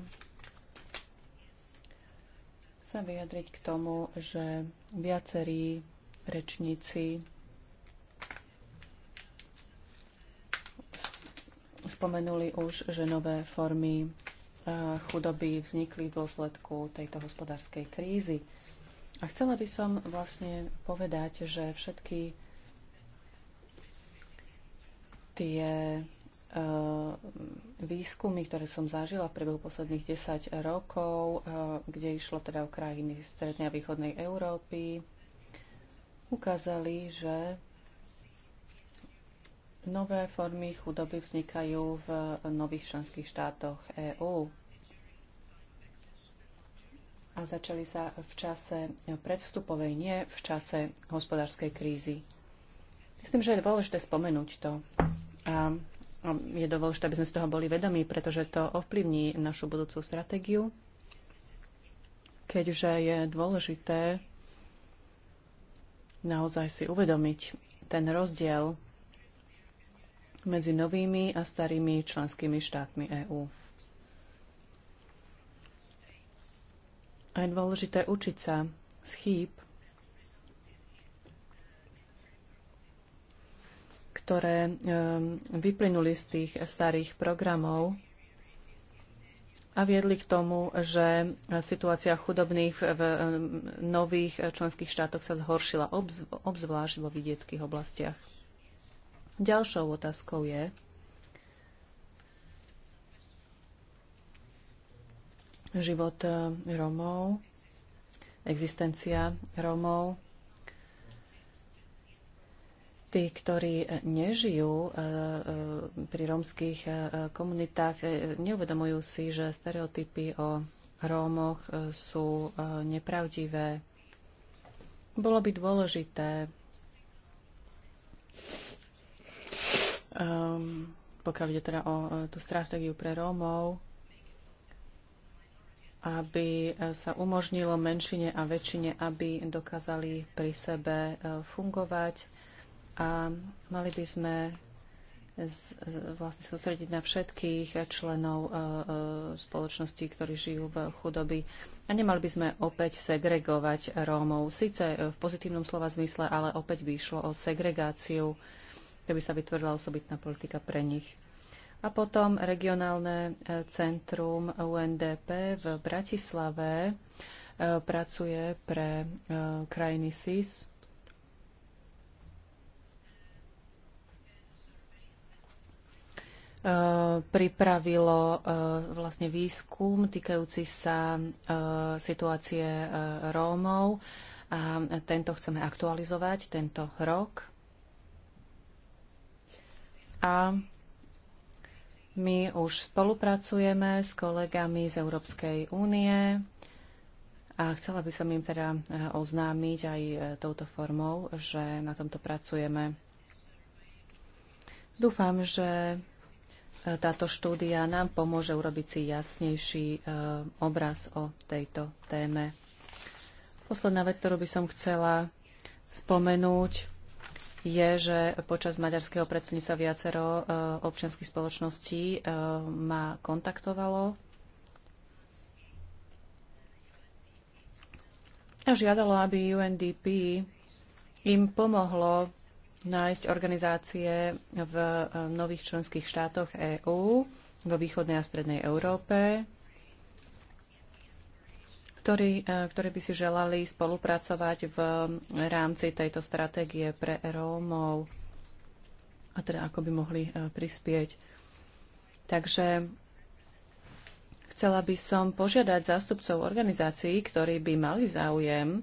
sa vyjadriť k tomu, že viacerí rečníci spomenuli už, že nové formy chudoby vznikli v dôsledku tejto hospodárskej krízy. A chcela by som vlastne povedať, že všetky tie e, výskumy, ktoré som zažila v priebehu posledných 10 rokov, e, kde išlo teda o krajiny strednej a východnej Európy, ukázali, že Nové formy chudoby vznikajú v nových členských štátoch EÚ a začali sa v čase predvstupovej, nie v čase hospodárskej krízy. Myslím, že je dôležité spomenúť to. A je dôležité, aby sme z toho boli vedomí, pretože to ovplyvní našu budúcu stratégiu, keďže je dôležité naozaj si uvedomiť ten rozdiel medzi novými a starými členskými štátmi EÚ. A je dôležité učiť sa z chýb, ktoré ehm, vyplynuli z tých starých programov a viedli k tomu, že situácia chudobných v ehm, nových členských štátoch sa zhoršila, obzvlášť vo vidieckých oblastiach. Ďalšou otázkou je, život eh, Rómov, existencia Rómov, tí, ktorí eh, nežijú eh, pri rómskych komunitách, neuvedomujú si, že stereotypy o Rómoch sú nepravdivé. Bolo by dôležité um, pokiaľ ide teda o e, tú stratégiu pre Rómov, aby e, sa umožnilo menšine a väčšine, aby dokázali pri sebe e, fungovať a mali by sme z, vlastne sústrediť na všetkých členov spoločnosti, ktorí žijú v chudobi. A nemali by sme opäť segregovať Rómov. Sice v pozitívnom slova zmysle, ale opäť by išlo o segregáciu aby sa vytvorila osobitná politika pre nich. A potom regionálne e, centrum UNDP v Bratislave e, pracuje pre e, krajiny SIS. pripravilo vlastne výskum týkajúci sa situácie Rómov a tento chceme aktualizovať tento rok a my už spolupracujeme s kolegami z Európskej únie a chcela by som im teda eh, oznámiť aj eh, touto formou, že na tomto pracujeme. Dúfam, že eh, táto štúdia nám pomôže urobiť si jasnejší obraz o tejto téme. Posledná vec, ktorú by som chcela spomenúť, je, že počas maďarského predsedníctva viacero eh, občianských spoločností eh, ma kontaktovalo a žiadalo, aby UNDP im pomohlo nájsť organizácie v eh, nových členských štátoch EÚ, vo východnej a strednej Európe, ktorí, e, ktorí by si želali spolupracovať v e, rámci tejto stratégie pre Rómov a teda ako by mohli e, prispieť. Takže chcela by som požiadať zástupcov organizácií, ktorí by mali záujem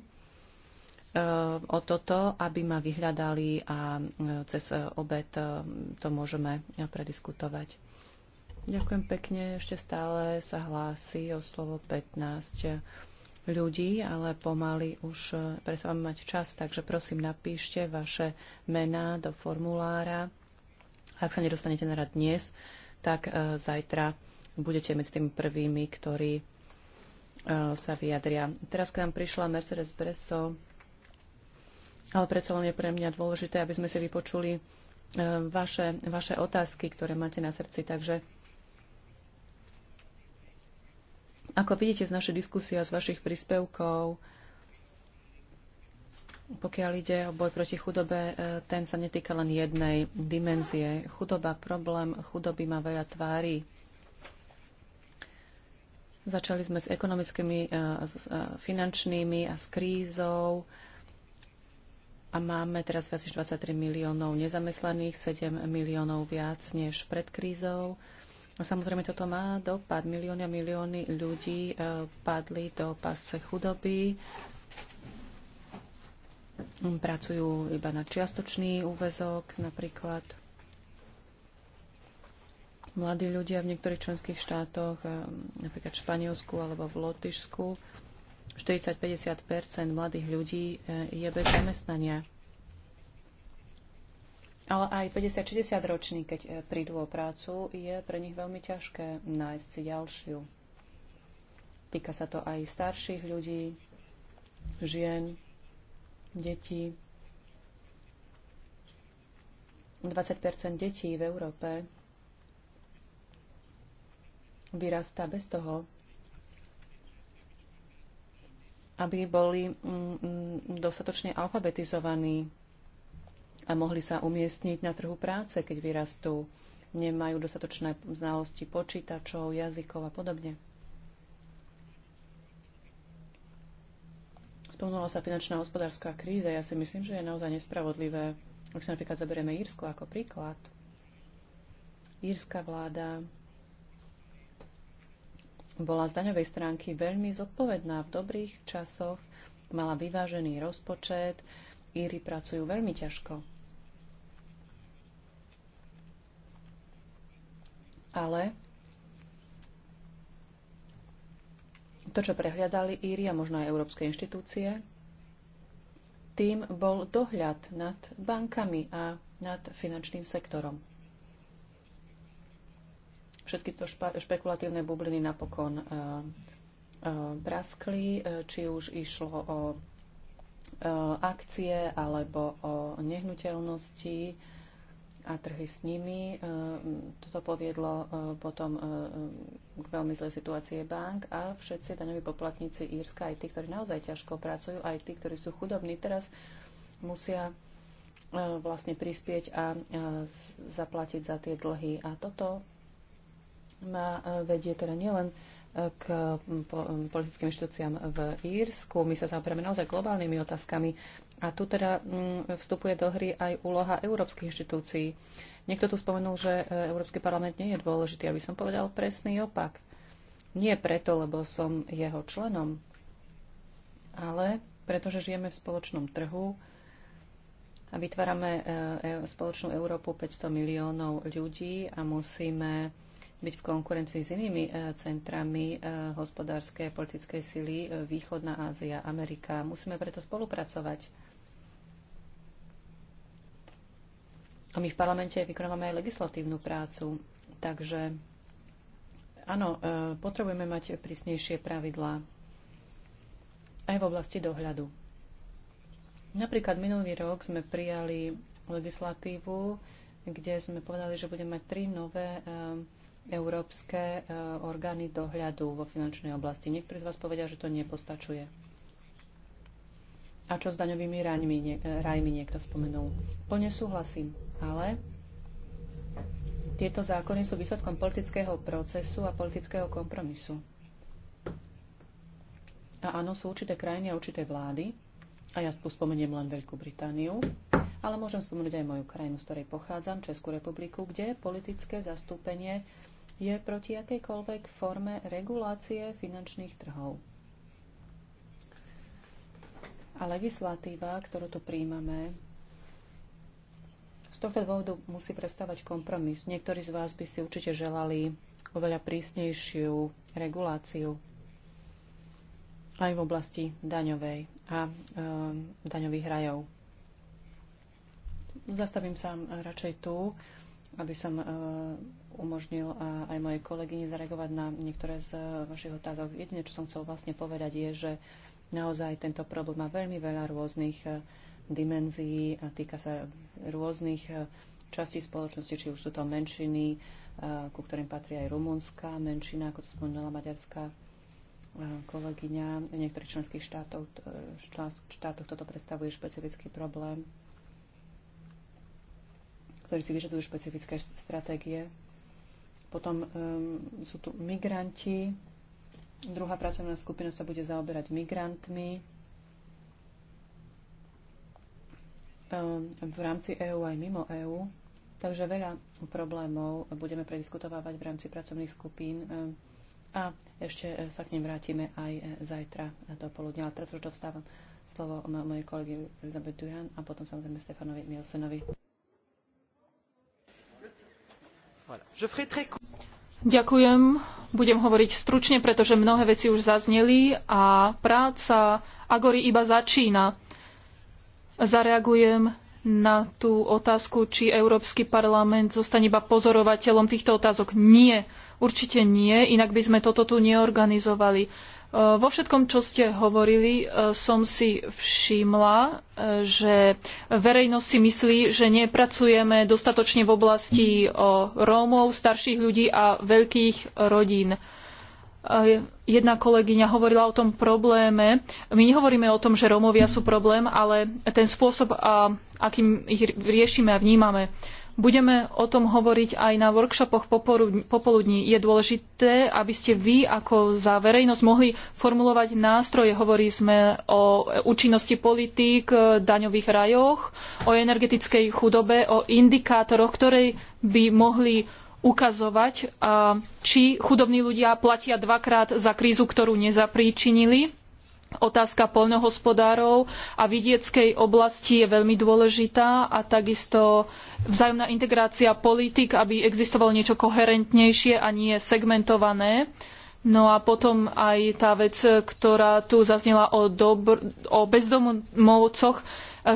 o toto, aby ma vyhľadali a cez obed to môžeme prediskutovať. Ďakujem pekne, ešte stále sa hlási o slovo 15 ľudí, ale pomaly už e, prestávame mať čas, takže prosím napíšte vaše mená do formulára. Ak sa nedostanete na rad dnes, tak e, zajtra budete medzi tými prvými, ktorí e, sa vyjadria. Teraz k nám prišla Mercedes Bresso, ale predsa len je pre mňa dôležité, aby sme si vypočuli vaše, vaše otázky, ktoré máte na srdci. Takže Ako vidíte z našej diskusie a z vašich príspevkov, pokiaľ ide o boj proti chudobe, e, ten sa netýka len jednej dimenzie. Chudoba, problém chudoby má veľa tvári. Začali sme s ekonomickými, e, s e, finančnými a s krízou a máme teraz viac než 23 miliónov nezamestnaných, 7 miliónov viac než pred krízou. Samozrejme, toto má dopad. Milióny a milióny ľudí e, padli do pasce chudoby, pracujú iba na čiastočný úvezok napríklad. Mladí ľudia v niektorých členských štátoch, e, napríklad v Španielsku alebo v Lotyšsku, 40-50 mladých ľudí e, je bez zamestnania ale aj 50-60 roční, keď e, prídu o prácu, je pre nich veľmi ťažké nájsť si ďalšiu. Týka sa to aj starších ľudí, žien, detí. 20 detí v Európe vyrastá bez toho, aby boli mm, mm, dostatočne alfabetizovaní a mohli sa umiestniť na trhu práce, keď vyrastú. Nemajú dostatočné znalosti počítačov, jazykov a podobne. Spomnula sa finančná hospodárska kríza. Ja si myslím, že je naozaj nespravodlivé, ak sa napríklad zoberieme Írsko ako príklad. Írska vláda bola z daňovej stránky veľmi zodpovedná v dobrých časoch, mala vyvážený rozpočet, Íry pracujú veľmi ťažko. ale to, čo prehľadali Íri a možno aj európske inštitúcie, tým bol dohľad nad bankami a nad finančným sektorom. Všetky to špa- špekulatívne bubliny napokon e, uh, praskli, eh, či už išlo o eh, akcie alebo o nehnuteľnosti a trhy s nimi. E, toto poviedlo e, potom e, k veľmi zlej situácie bank a všetci daňoví poplatníci Írska, aj tí, ktorí naozaj ťažko pracujú, aj tí, ktorí sú chudobní, teraz musia vlastne prispieť a zaplatiť za tie dlhy. A toto ma vedie teda nielen k politickým inštitúciám v Írsku. My sa zaoberáme naozaj globálnymi otázkami a tu teda mm, vstupuje do hry aj úloha európskych inštitúcií. Niekto tu spomenul, že e, Európsky parlament nie je dôležitý, aby som povedal presný opak. Nie preto, lebo som jeho členom, ale pretože žijeme v spoločnom trhu a vytvárame e, e, spoločnú Európu 500 miliónov ľudí a musíme byť v konkurencii s inými e, centrami e, hospodárskej a politickej sily e, Východná Ázia, Amerika. Musíme preto spolupracovať. A my v parlamente vykonávame aj legislatívnu prácu, takže áno, potrebujeme mať prísnejšie pravidlá aj v oblasti dohľadu. Napríklad minulý rok sme prijali legislatívu, kde sme povedali, že budeme mať tri nové európske e, orgány dohľadu vo finančnej oblasti. Niektorí z vás povedia, že to nepostačuje. A čo s daňovými rajmi, nie, e, rajmi niekto spomenul? Plne súhlasím, ale tieto zákony sú výsledkom politického procesu a politického kompromisu. A áno, sú určité krajiny a určité vlády, a ja spomeniem len Veľkú Britániu, ale môžem spomenúť aj moju krajinu, z ktorej pochádzam, Českú republiku, kde politické zastúpenie je proti akejkoľvek forme regulácie finančných trhov. A legislatíva, ktorú tu príjmame, z tohto dôvodu musí prestávať kompromis. Niektorí z vás by si určite želali oveľa prísnejšiu reguláciu aj v oblasti daňovej a e, daňových rajov. Zastavím sa radšej tu aby som eh, umožnil eh, aj mojej kolegyne zareagovať na niektoré z eh, vašich otázok. Jedine, čo som chcel vlastne povedať, je, že naozaj tento problém má veľmi veľa rôznych dimenzií a týka sa rôznych častí spoločnosti, či už sú to menšiny, ku ktorým patrí aj rumunská menšina, ako to spomínala maďarská kolegyňa. V niektorých členských štátoch, štátoch toto predstavuje špecifický problém ktorí si vyžadujú špecifické stratégie. Potom um, sú tu migranti. Druhá pracovná skupina sa bude zaoberať migrantmi um, v rámci EÚ aj mimo EÚ. Takže veľa problémov budeme prediskutovať v rámci pracovných skupín um, a ešte e, sa k nim vrátime aj e, zajtra do poludnia. Ale teraz už dostávam slovo mojej kolegy Elizabeth Duran a potom samozrejme Stefanovi Nielsenovi. Ďakujem. Budem hovoriť stručne, pretože mnohé veci už zazneli a práca Agory iba začína. Zareagujem na tú otázku, či Európsky parlament zostane iba pozorovateľom týchto otázok. Nie, určite nie, inak by sme toto tu neorganizovali Eh, vo všetkom, čo ste hovorili, eh, som si všimla, eh, že verejnosť si myslí, že nepracujeme dostatočne v oblasti Rómov, starších ľudí a veľkých rodín. Jedna kolegyňa hovorila o tom probléme. My nehovoríme o tom, že Rómovia sú problém, ale ten spôsob, akým ich riešime a vnímame. Budeme o tom hovoriť aj na workshopoch popoludní. Je dôležité, aby ste vy ako za verejnosť mohli formulovať nástroje. Hovorí sme o účinnosti politík, daňových rajoch, o energetickej chudobe, o indikátoroch, ktoré by mohli ukazovať, či chudobní ľudia platia dvakrát za krízu, ktorú nezapríčinili Otázka poľnohospodárov a vidieckej oblasti je veľmi dôležitá a takisto vzájomná integrácia politik, aby existovalo niečo koherentnejšie a nie segmentované. No a potom aj tá vec, ktorá tu zaznela o, dobr- o bezdomovcoch.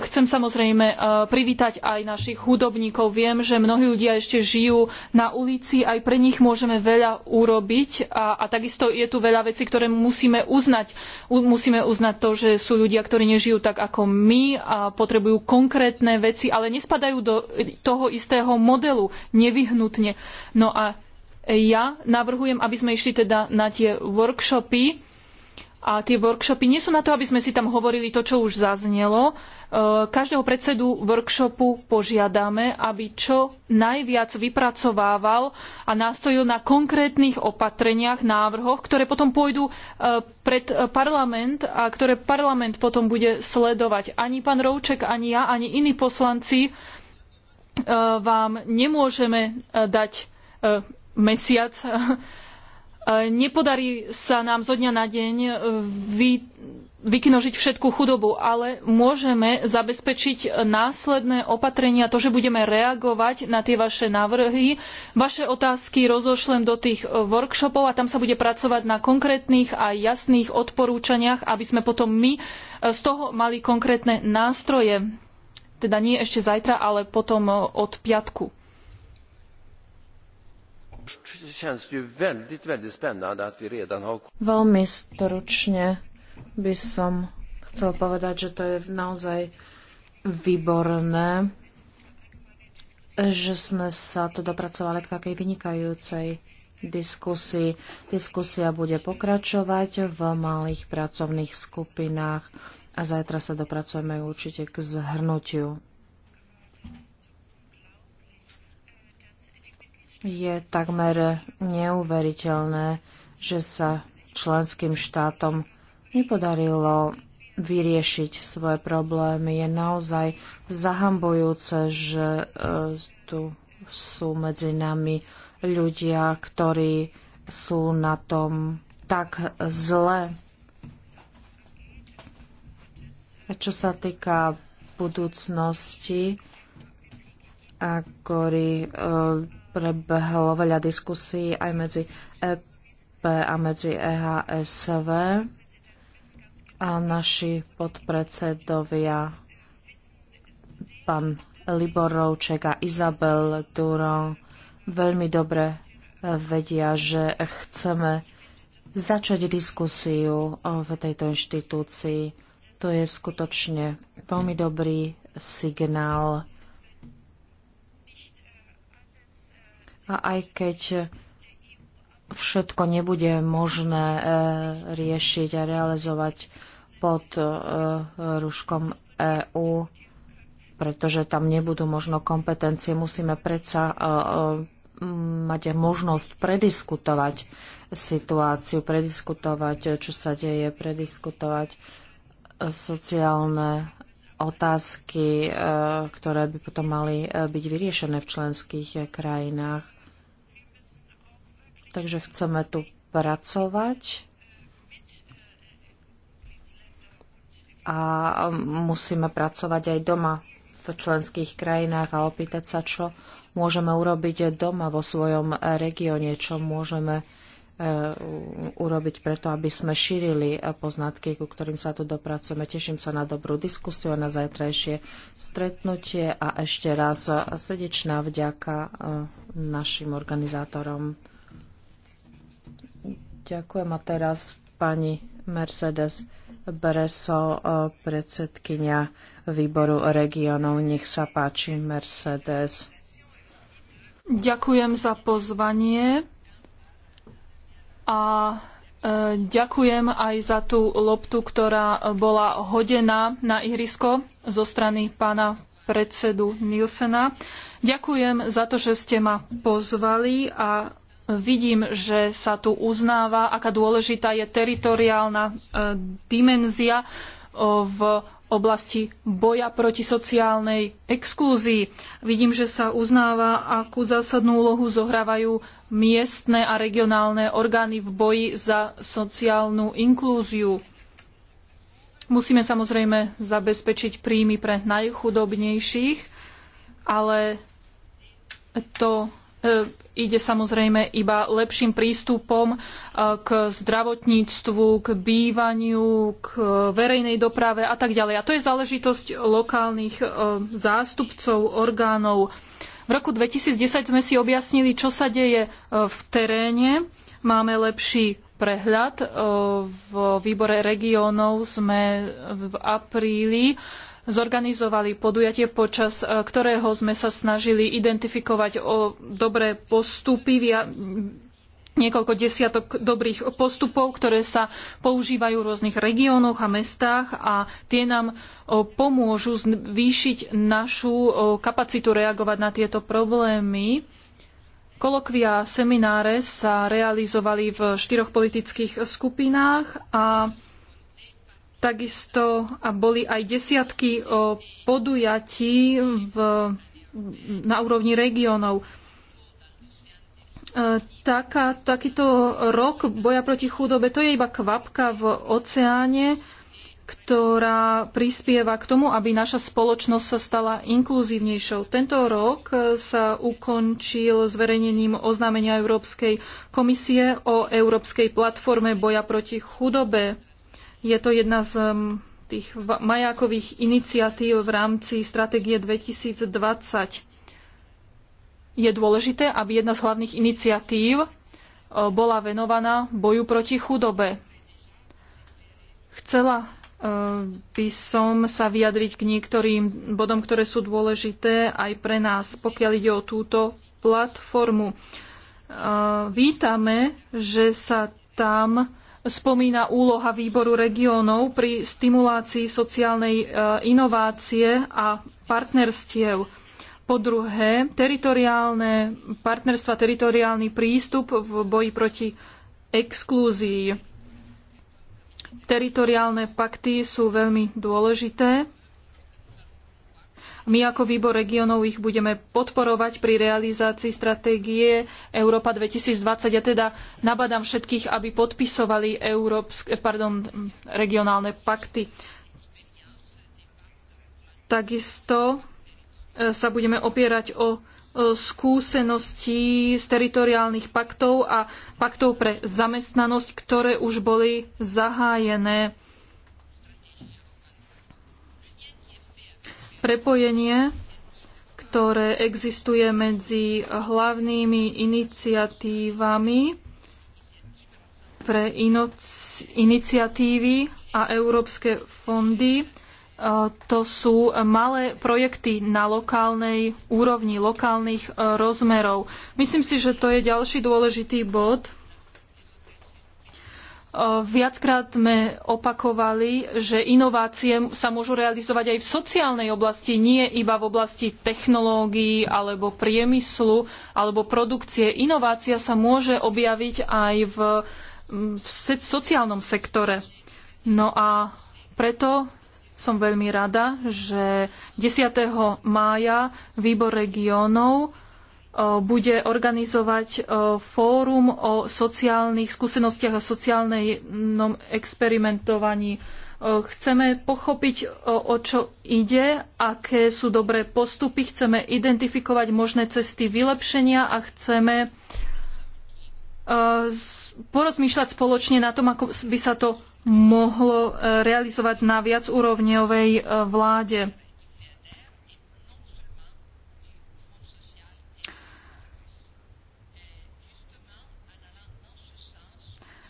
Chcem samozrejme eh, privítať aj našich hudobníkov. Viem, že mnohí ľudia ešte žijú na ulici, aj pre nich môžeme veľa urobiť a, a takisto je tu veľa vecí, ktoré musíme uznať. musíme uznať to, že sú ľudia, ktorí nežijú tak ako my a potrebujú konkrétne veci, ale nespadajú do toho istého modelu nevyhnutne. No a ja navrhujem, aby sme išli teda na tie workshopy a tie workshopy nie sú na to, aby sme si tam hovorili to, čo už zaznelo. E, každého predsedu workshopu požiadame, aby čo najviac vypracovával a nastojil na konkrétnych opatreniach, návrhoch, ktoré potom pôjdu e, pred parlament a ktoré parlament potom bude sledovať. Ani pán Rouček, ani ja, ani iní poslanci e, vám nemôžeme dať mesiac <laughs> nepodarí sa nám zo dňa na deň vy, vykinožiť všetku chudobu, ale môžeme zabezpečiť následné opatrenia, to, že budeme reagovať na tie vaše návrhy. Vaše otázky rozošlem do tých workshopov a tam sa bude pracovať na konkrétnych a jasných odporúčaniach, aby sme potom my e, z toho mali konkrétne nástroje. Teda nie ešte zajtra, ale potom e, od piatku. Veľmi stručne by som chcel povedať, že to je naozaj výborné, že sme sa tu dopracovali k takej vynikajúcej diskusii. Diskusia bude pokračovať v malých pracovných skupinách a zajtra sa dopracujeme určite k zhrnutiu Je takmer neuveriteľné, že sa členským štátom nepodarilo vyriešiť svoje problémy. Je naozaj zahambujúce, že e, tu sú medzi nami ľudia, ktorí sú na tom tak zle. Čo sa týka budúcnosti, ktorí prebehlo veľa diskusí aj medzi EP a medzi EHSV a naši podpredsedovia pán Libor Rouček a Izabel Duro veľmi dobre vedia, že chceme začať diskusiu v tejto inštitúcii. To je skutočne veľmi dobrý signál A aj keď všetko nebude možné e, riešiť a realizovať pod e, ruškom EÚ, pretože tam nebudú možno kompetencie, musíme predsa e, mať možnosť prediskutovať situáciu, prediskutovať, čo sa deje, prediskutovať sociálne otázky, ktoré by potom mali byť vyriešené v členských krajinách. Takže chceme tu pracovať a musíme pracovať aj doma v členských krajinách a opýtať sa, čo môžeme urobiť doma vo svojom regióne, čo môžeme e, urobiť preto, aby sme šírili poznatky, ku ktorým sa tu dopracujeme. Teším sa na dobrú diskusiu a na zajtrajšie stretnutie a ešte raz srdečná vďaka e, našim organizátorom. Ďakujem a teraz pani Mercedes Breso, eh, predsedkynia výboru regionov. Nech sa páči, Mercedes. Ďakujem za pozvanie a eh, ďakujem aj za tú loptu, ktorá bola hodená na ihrisko zo strany pána predsedu Nilsena. Ďakujem za to, že ste ma pozvali a vidím, že sa tu uznáva, aká dôležitá je teritoriálna e, dimenzia e, v oblasti boja proti sociálnej exklúzii. Vidím, že sa uznáva, akú zásadnú úlohu zohrávajú miestne a regionálne orgány v boji za sociálnu inklúziu. Musíme samozrejme zabezpečiť príjmy pre najchudobnejších, ale to e, ide samozrejme iba lepším prístupom e, k zdravotníctvu, k bývaniu, k verejnej doprave a tak ďalej. A to je záležitosť lokálnych e, zástupcov, orgánov. V roku 2010 sme si objasnili, čo sa deje e, v teréne. Máme lepší prehľad. V výbore regiónov sme v apríli zorganizovali podujatie, počas e, ktorého sme sa snažili identifikovať o dobré postupy, niekoľko desiatok dobrých postupov, ktoré sa používajú v rôznych regiónoch a mestách a tie nám e, pomôžu zvýšiť našu e, kapacitu reagovať na tieto problémy. Kolokvia a semináre sa realizovali v štyroch politických skupinách a takisto a boli aj desiatky podujatí v, na úrovni regiónov. E, taká, takýto rok boja proti chudobe to je iba kvapka v oceáne, ktorá prispieva k tomu, aby naša spoločnosť sa stala inkluzívnejšou. Tento rok e, sa ukončil zverejnením oznámenia Európskej komisie o Európskej platforme boja proti chudobe je to jedna z mm, tých majákových iniciatív v rámci stratégie 2020. Je dôležité, aby jedna z hlavných iniciatív e, bola venovaná boju proti chudobe. Chcela e, by som sa vyjadriť k niektorým bodom, ktoré sú dôležité aj pre nás, pokiaľ ide o túto platformu. E, vítame, že sa tam spomína úloha výboru regiónov pri stimulácii sociálnej e, inovácie a partnerstiev. Po druhé, teritoriálne partnerstva, teritoriálny prístup v boji proti exklúzii. Teritoriálne pakty sú veľmi dôležité my ako výbor regionov ich budeme podporovať pri realizácii stratégie Európa 2020. Ja teda nabadám všetkých, aby podpisovali európske, pardon, regionálne pakty. Takisto e, sa budeme opierať o e, skúsenosti z teritoriálnych paktov a paktov pre zamestnanosť, ktoré už boli zahájené prepojenie, ktoré existuje medzi hlavnými iniciatívami pre iniciatívy a európske fondy. E, to sú malé projekty na lokálnej úrovni, lokálnych e, rozmerov. Myslím si, že to je ďalší dôležitý bod Viackrát sme opakovali, že inovácie sa môžu realizovať aj v sociálnej oblasti, nie iba v oblasti technológií alebo priemyslu alebo produkcie. Inovácia sa môže objaviť aj v, v sociálnom sektore. No a preto som veľmi rada, že 10. mája výbor regiónov bude organizovať fórum o sociálnych skúsenostiach a sociálnom experimentovaní. Chceme pochopiť, o čo ide, aké sú dobré postupy, chceme identifikovať možné cesty vylepšenia a chceme porozmýšľať spoločne na tom, ako by sa to mohlo e, realizovať na viacúrovňovej e, vláde.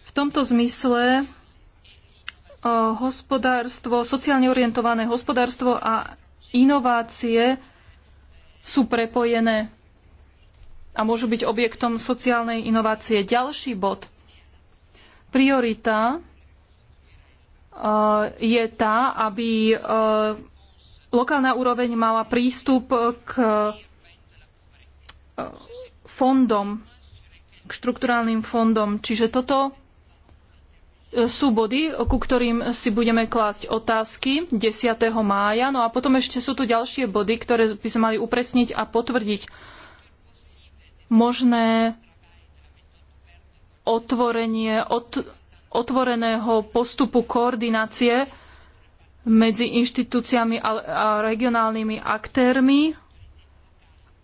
V tomto zmysle eh, hospodárstvo, sociálne orientované hospodárstvo a inovácie sú prepojené a môžu byť objektom sociálnej inovácie. Ďalší bod. Priorita eh, je tá, aby eh, lokálna úroveň mala prístup k fondom, k štrukturálnym fondom. Čiže toto E, sú body, ku ktorým si budeme klásť otázky 10. mája. No a potom ešte sú tu ďalšie body, ktoré by sme mali upresniť a potvrdiť možné otvorenie otvoreného postupu koordinácie medzi inštitúciami a, a regionálnymi aktérmi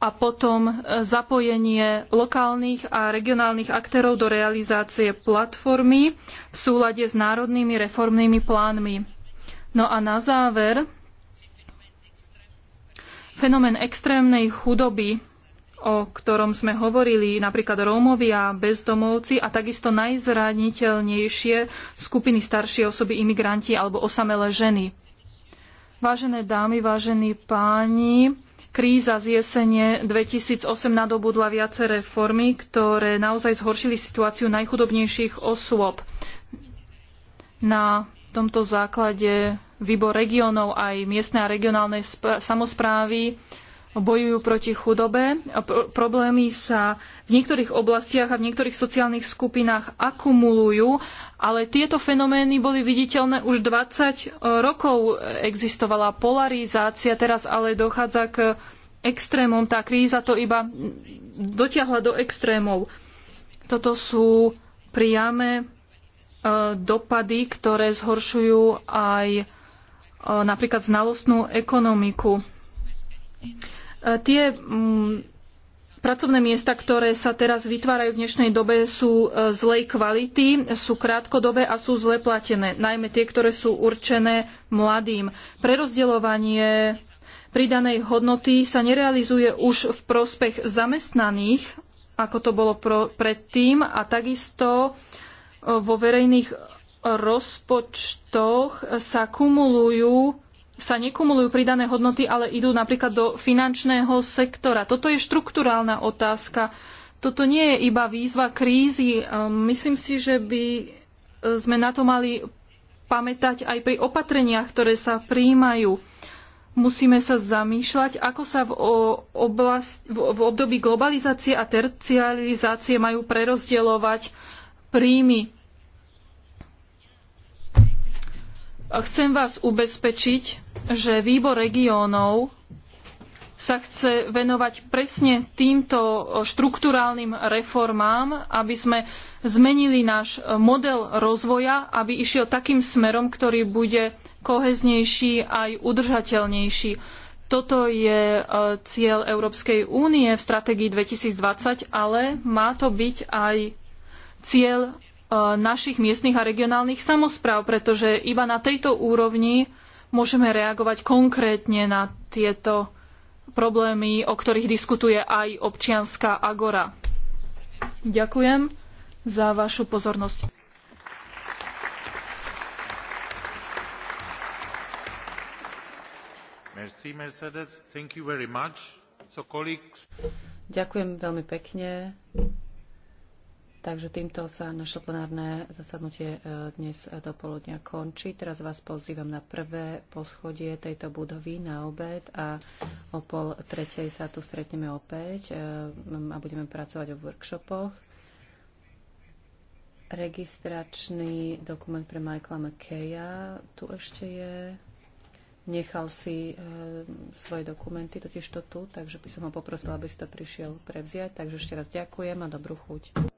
a potom e, zapojenie lokálnych a regionálnych aktérov do realizácie platformy v súlade s národnými reformnými plánmi. No a na záver fenomén extrémnej chudoby, o ktorom sme hovorili, napríklad Rómovia, bezdomovci a takisto najzraniteľnejšie skupiny staršie osoby, imigranti alebo osamelé ženy. Vážené dámy, vážení páni, Kríza z jesene 2008 nadobudla viaceré formy, ktoré naozaj zhoršili situáciu najchudobnejších osôb. Na tomto základe výbor regiónov aj miestnej a regionálnej samosprávy bojujú proti chudobe. Pro problémy sa v niektorých oblastiach a v niektorých sociálnych skupinách akumulujú ale tieto fenomény boli viditeľné už 20 e, rokov. Existovala polarizácia, teraz ale dochádza k extrémom. Tá kríza to iba dotiahla do extrémov. Toto sú priame e, dopady, ktoré zhoršujú aj e, napríklad znalostnú ekonomiku. Tie Pracovné miesta, ktoré sa teraz vytvárajú v dnešnej dobe, sú e, zlej kvality, sú krátkodobé a sú zle platené, najmä tie, ktoré sú určené mladým. Prerozdeľovanie pridanej hodnoty sa nerealizuje už v prospech zamestnaných, ako to bolo predtým, a takisto e, vo verejných rozpočtoch sa kumulujú sa nekumulujú pridané hodnoty, ale idú napríklad do finančného sektora. Toto je štrukturálna otázka. Toto nie je iba výzva krízy. Ehm, myslím si, že by e, sme na to mali pamätať aj pri opatreniach, ktoré sa príjmajú. Musíme sa zamýšľať, ako sa v, oblast, v období globalizácie a tercializácie majú prerozdielovať príjmy. Chcem vás ubezpečiť, že výbor regiónov sa chce venovať presne týmto štrukturálnym reformám, aby sme zmenili náš model rozvoja, aby išiel takým smerom, ktorý bude koheznejší aj udržateľnejší. Toto je e, cieľ Európskej únie v stratégii 2020, ale má to byť aj cieľ e, našich miestnych a regionálnych samospráv, pretože iba na tejto úrovni môžeme reagovať konkrétne na tieto problémy, o ktorých diskutuje aj občianska agora. Ďakujem za vašu pozornosť. Merci, so, Ďakujem veľmi pekne. Takže týmto sa naše plenárne zasadnutie e, dnes e, do poludnia končí. Teraz vás pozývam na prvé poschodie tejto budovy na obed a o pol tretej sa tu stretneme opäť e, a budeme pracovať o workshopoch. Registračný dokument pre Michaela McKeya tu ešte je. Nechal si e, svoje dokumenty, totiž to tu, takže by som ho poprosila, aby si to prišiel prevziať. Takže ešte raz ďakujem a dobrú chuť.